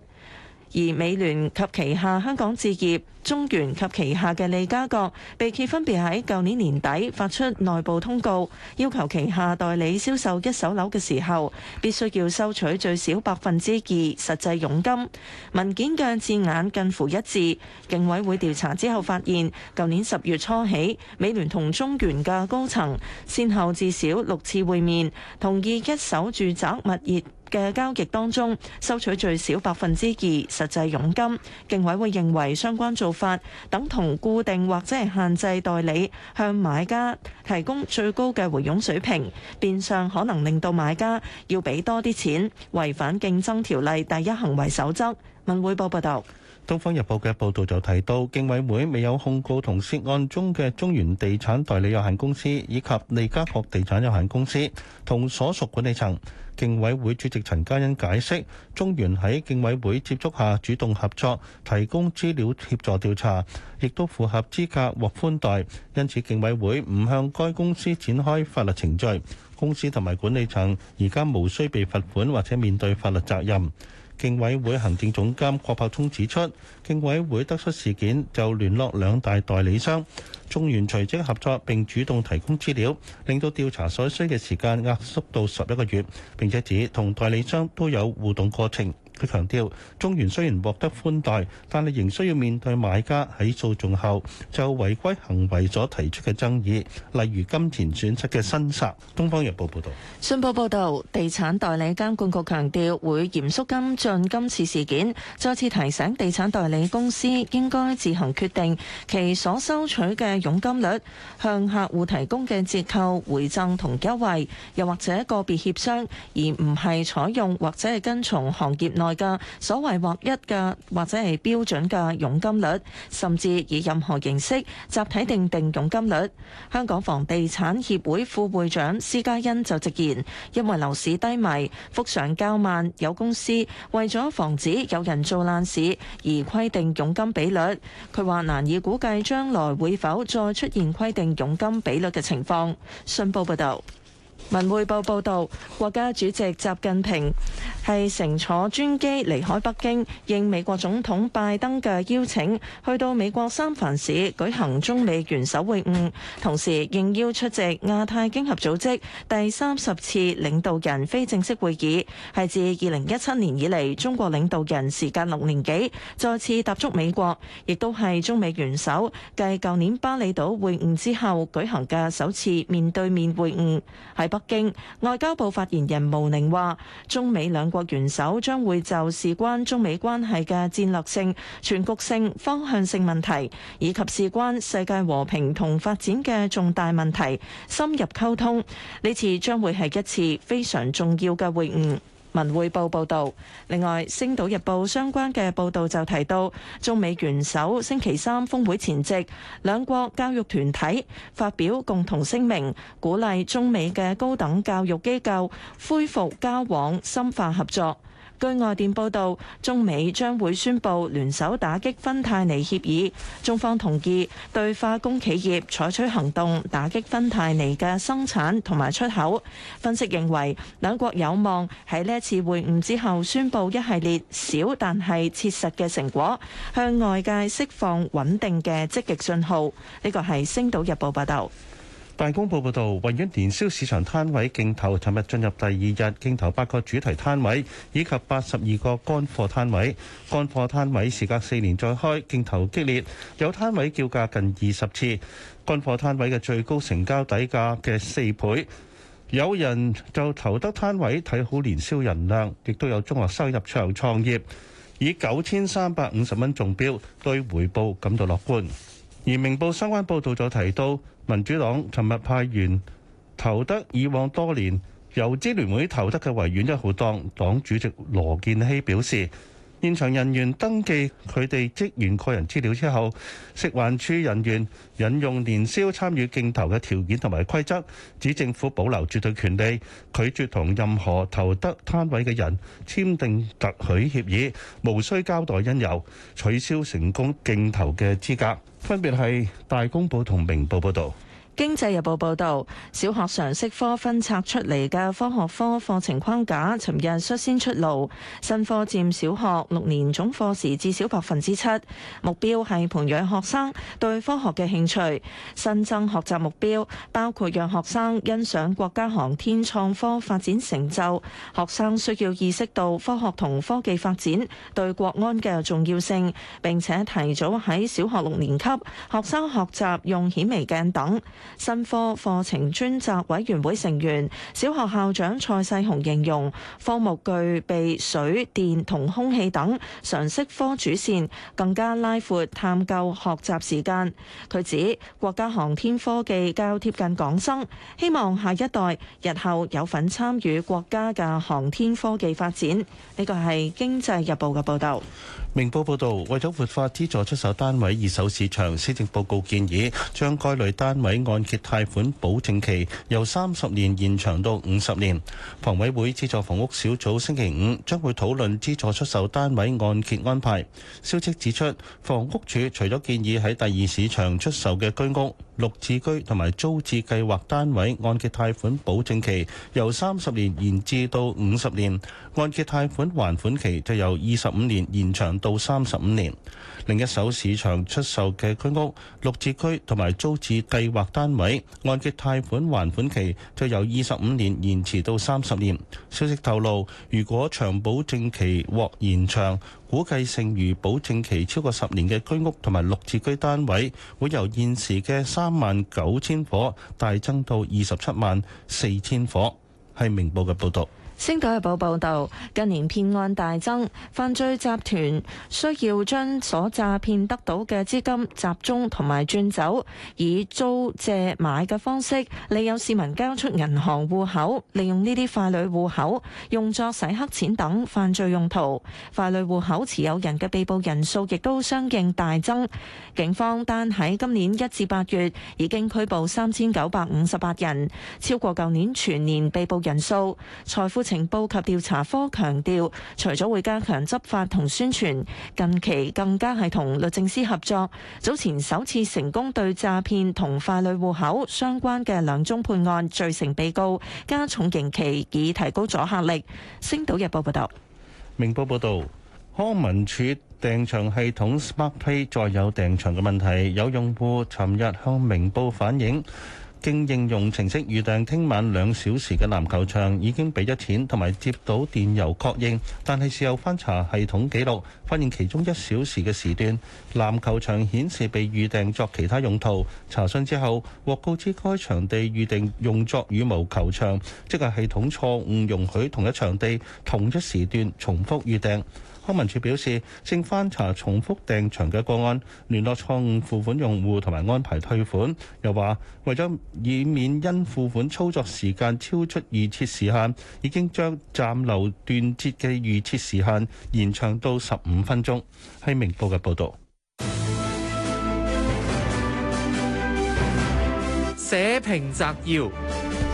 而美聯及旗下香港置業、中原及旗下嘅利嘉閣，被揭分別喺舊年年底發出內部通告，要求旗下代理銷售一手樓嘅時候，必須要收取最少百分之二實際佣金。文件嘅字眼近乎一致。競委會調查之後發現，舊年十月初起，美聯同中原嘅高層先後至少六次會面，同意一手住宅物業嘅交易當中收取最少百分之二實際佣金。競委會認為相關做法，等同固定或者係限制代理向買家提供最高嘅回佣水平，變相可能令到買家要俾多啲錢，違反競爭條例第一行為守則。文匯報報道。東方日報嘅報道就提到，競委會未有控告同涉案中嘅中原地產代理有限公司以及利嘉閣地產有限公司，同所屬管理層。競委會主席陳家殷解釋，中原喺競委會接觸下主動合作，提供資料協助調查，亦都符合資格獲寬待，因此競委會唔向該公司展開法律程序，公司同埋管理層而家無需被罰款或者面對法律責任。競委會行政總監郭柏聰指出，競委會得出事件就聯絡兩大代理商，中原隨即合作，並主動提供資料，令到調查所需嘅時間壓縮到十一個月，並且指同代理商都有互動過程。強調，中原雖然獲得寬待，但係仍需要面對買家喺訴訟後就違規行為所提出嘅爭議，例如金錢損失嘅申索。《東方日報》報導，信報報導，地產代理監管局強調會嚴肅跟進今次事件，再次提醒地產代理公司應該自行決定其所收取嘅佣金率、向客戶提供嘅折扣、回贈同優惠，又或者個別協商，而唔係採用或者係跟從行業內所謂劃一嘅或者係標準嘅佣金率，甚至以任何形式集體定定佣金率。香港房地產協會副會長施嘉欣就直言，因為樓市低迷，復常較慢，有公司為咗防止有人做爛市而規定佣金比率。佢話難以估計將來會否再出現規定佣金比率嘅情況，信報報道。文匯報報道，國家主席習近平係乘坐專機離開北京，應美國總統拜登嘅邀請，去到美國三藩市舉行中美元首會晤，同時應邀出席亞太經合組織第三十次領導人非正式會議，係自二零一七年以嚟中國領導人時隔六年幾再次踏足美國，亦都係中美元首繼舊年巴厘島會晤之後舉行嘅首次面對面會晤，喺北。外交部發言人毛寧話：中美兩國元首將會就事關中美關係嘅戰略性、全局性、方向性問題，以及事關世界和平同發展嘅重大問題深入溝通。呢次將會係一次非常重要嘅會晤。文匯報報道，另外《星島日報》相關嘅報道就提到，中美元首星期三峰會前夕，兩國教育團體發表共同聲明，鼓勵中美嘅高等教育機構恢復交往，深化合作。據外電報道，中美將會宣布聯手打擊芬太尼協議，中方同意對化工企業採取行動打擊芬太尼嘅生產同埋出口。分析認為，兩國有望喺呢次會晤之後宣布一系列小但係切實嘅成果，向外界釋放穩定嘅積極信號。呢個係《星島日報》報道。大公報報導，位於年宵市場攤位競投，尋日進入第二日，競投八個主題攤位以及八十二個乾貨攤位。乾貨攤位時隔四年再開，競投激烈，有攤位叫價近二十次。乾貨攤位嘅最高成交底價嘅四倍。有人就投得攤位，睇好年宵人量，亦都有中學收入場創業，以九千三百五十蚊中標，對回報感到樂觀。而明報相關報道就提到，民主黨尋日派員投得以往多年由支聯會投得嘅維園一號檔，黨主席羅健熙表示，現場人員登記佢哋職員個人資料之後，食環處人員引用年宵參與競投嘅條件同埋規則，指政府保留絕對權利拒絕同任何投得攤位嘅人簽訂特許協議，無需交代因由取消成功競投嘅資格。分別係大公報同明報報道。《經濟日報》報導，小學常識科分拆出嚟嘅科學科課程框架，尋日率先出爐。新科佔小學六年總課時至少百分之七，目標係培養學生對科學嘅興趣。新增學習目標包括讓學生欣賞國家航天創科發展成就，學生需要意識到科學同科技發展對國安嘅重要性。並且提早喺小學六年級，學生學習用顯微鏡等。新科課程專責委員會成員、小學校長蔡世雄形容科目具備水電同空氣等常識科主線，更加拉闊探究學習時間。佢指國家航天科技較貼近港生，希望下一代日後有份參與國家嘅航天科技發展。呢個係《經濟日報》嘅報道。明報報導，為咗活化資助出售單位二手市場，施政報告建議將該類單位按揭貸款保證期由三十年延長到五十年。房委會資助房屋小組星期五將會討論資助出售單位按揭安排。消息指出，房屋署除咗建議喺第二市場出售嘅居屋。六字區同埋租置計劃單位按揭貸款保證期由三十年延至到五十年，按揭貸款還款期就由二十五年延長到三十五年。另一手市場出售嘅居屋、綠置居同埋租置計劃單位按揭貸款還款期就由二十五年延遲到三十年。消息透露，如果長保證期獲延長。估計剩餘保證期超過十年嘅居屋同埋綠置居單位，會由現時嘅三萬九千伙大增到二十七萬四千伙。係明報嘅報導。《星島日報》報道，近年騙案大增，犯罪集團需要將所詐騙得到嘅資金集中同埋轉走，以租借買嘅方式，利誘市民交出銀行戶口，利用呢啲傀儡戶口用作洗黑錢等犯罪用途。傀儡戶口持有人嘅被捕人數亦都相應大增，警方單喺今年一至八月已經拘捕三千九百五十八人，超過舊年全年被捕人數。財富。情報及調查科強調，除咗會加強執法同宣傳，近期更加係同律政司合作。早前首次成功對詐騙同傀儡戶口相關嘅兩宗判案，罪成被告，加重刑期，以提高阻嚇力。星島日報報道，明報報道，康文署訂場系統 SmartPLAY 再有訂場嘅問題，有用戶尋日向明報反映。經應用程式預訂聽晚兩小時嘅籃球場，已經俾咗錢同埋接到電郵確認，但係事後翻查系統記錄，發現其中一小時嘅時段，籃球場顯示被預訂作其他用途。查詢之後，獲告知該場地預訂用作羽毛球場，即係系統錯誤容許同一場地同一時段重複預訂。康文署表示，正翻查重複訂場嘅個案，聯絡錯誤付款用戶同埋安排退款。又話，為咗以免因付款操作時間超出預設時限，已經將暫留斷節嘅預設時限延長到十五分鐘。喺明報嘅報道。社評摘要。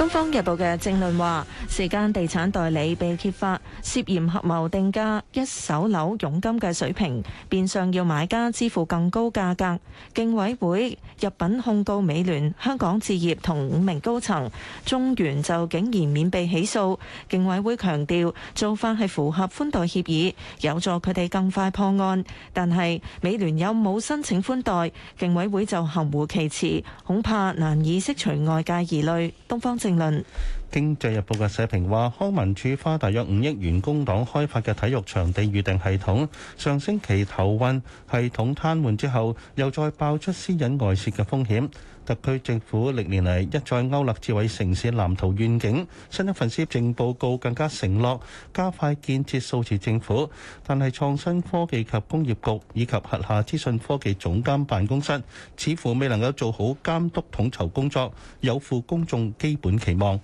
《東方日報》嘅政論話：時間地產代理被揭發涉嫌合謀定價一手樓佣金嘅水平，變相要買家支付更高價格。競委會入稟控告美聯、香港置業同五名高層，中原就竟然免被起訴。競委會強調做法係符合寬待協議，有助佢哋更快破案。但係美聯有冇申請寬待，競委會就含糊其辭，恐怕難以釋除外界疑慮。東方評論。經濟日報嘅社評話，康文署花大約五億元公帑開發嘅體育場地預訂系統，上星期投運系統癱瘓之後，又再爆出私隱外泄嘅風險。特區政府歷年嚟一再勾勒智慧城市藍圖願景，新一份施政報告更加承諾加快建設數字政府，但係創新科技及工業局以及轄下資訊科技總監辦公室似乎未能夠做好監督統籌工作，有負公眾基本期望。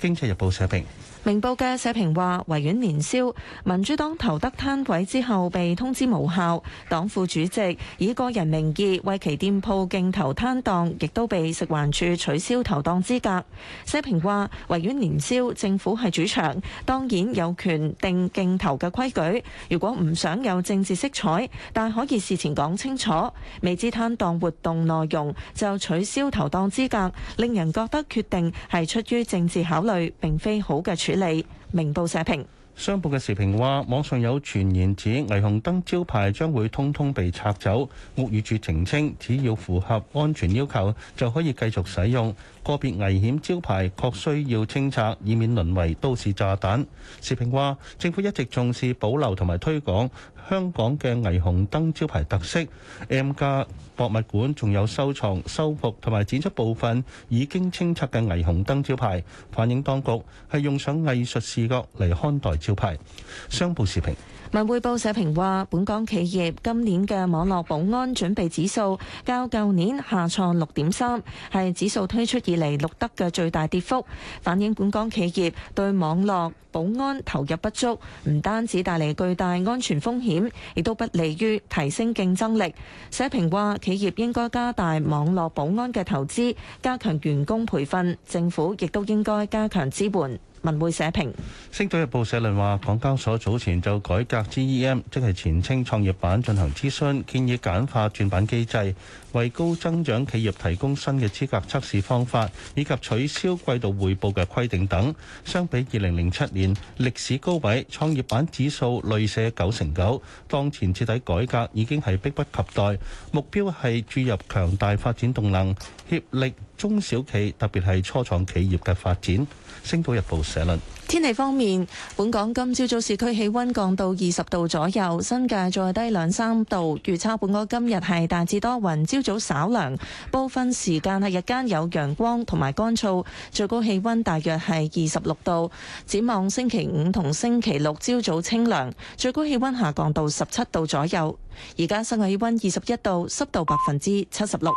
經濟日報社評。明報嘅社評話：維園年宵，民主黨投得攤位之後被通知無效，黨副主席以個人名義為其店鋪競投攤檔，亦都被食環署取消投檔資格。社評話：維園年宵，政府係主場，當然有權定競投嘅規矩。如果唔想有政治色彩，但可以事前講清楚，未知攤檔活動內容就取消投檔資格，令人覺得決定係出於政治考慮，並非好嘅。處理明報社評，商報嘅時評話，網上有傳言指霓虹燈招牌將會通通被拆走，屋宇署澄清，只要符合安全要求就可以繼續使用。個別危險招牌確需要清拆，以免淪為都市炸彈。時評話，政府一直重視保留同埋推廣香港嘅霓虹燈招牌特色。M 家博物館仲有收藏、修復同埋展出部分已經清拆嘅霓虹燈招牌，反映當局係用上藝術視角嚟看待招牌。商報時評。文匯報社評話，本港企業今年嘅網絡保安準備指數較舊年下挫六點三，係指數推出以嚟錄得嘅最大跌幅，反映本港企業對網絡保安投入不足，唔單止帶嚟巨大安全風險，亦都不利於提升競爭力。社評話，企業應該加大網絡保安嘅投資，加強員工培訓，政府亦都應該加強支援。文匯社評，星島日報社論話，港交所早前就改革 GEM，即係前稱創業板進行諮詢，建議簡化轉板機制，為高增長企業提供新嘅資格測試方法，以及取消季度匯報嘅規定等。相比二零零七年歷史高位，創業板指數累瀉九成九。當前徹底改革已經係迫不及待，目標係注入強大發展動能，協力中小企，特別係初創企業嘅發展。星島日報社論：天氣方面，本港今朝早市區氣溫降到二十度左右，新界再低兩三度。預測本港今日係大致多雲，朝早稍涼，部分時間係日間有陽光同埋乾燥，最高氣溫大約係二十六度。展望星期五同星期六朝早清涼，最高氣溫下降到十七度左右。而家室外氣溫二十一度，濕度百分之七十六。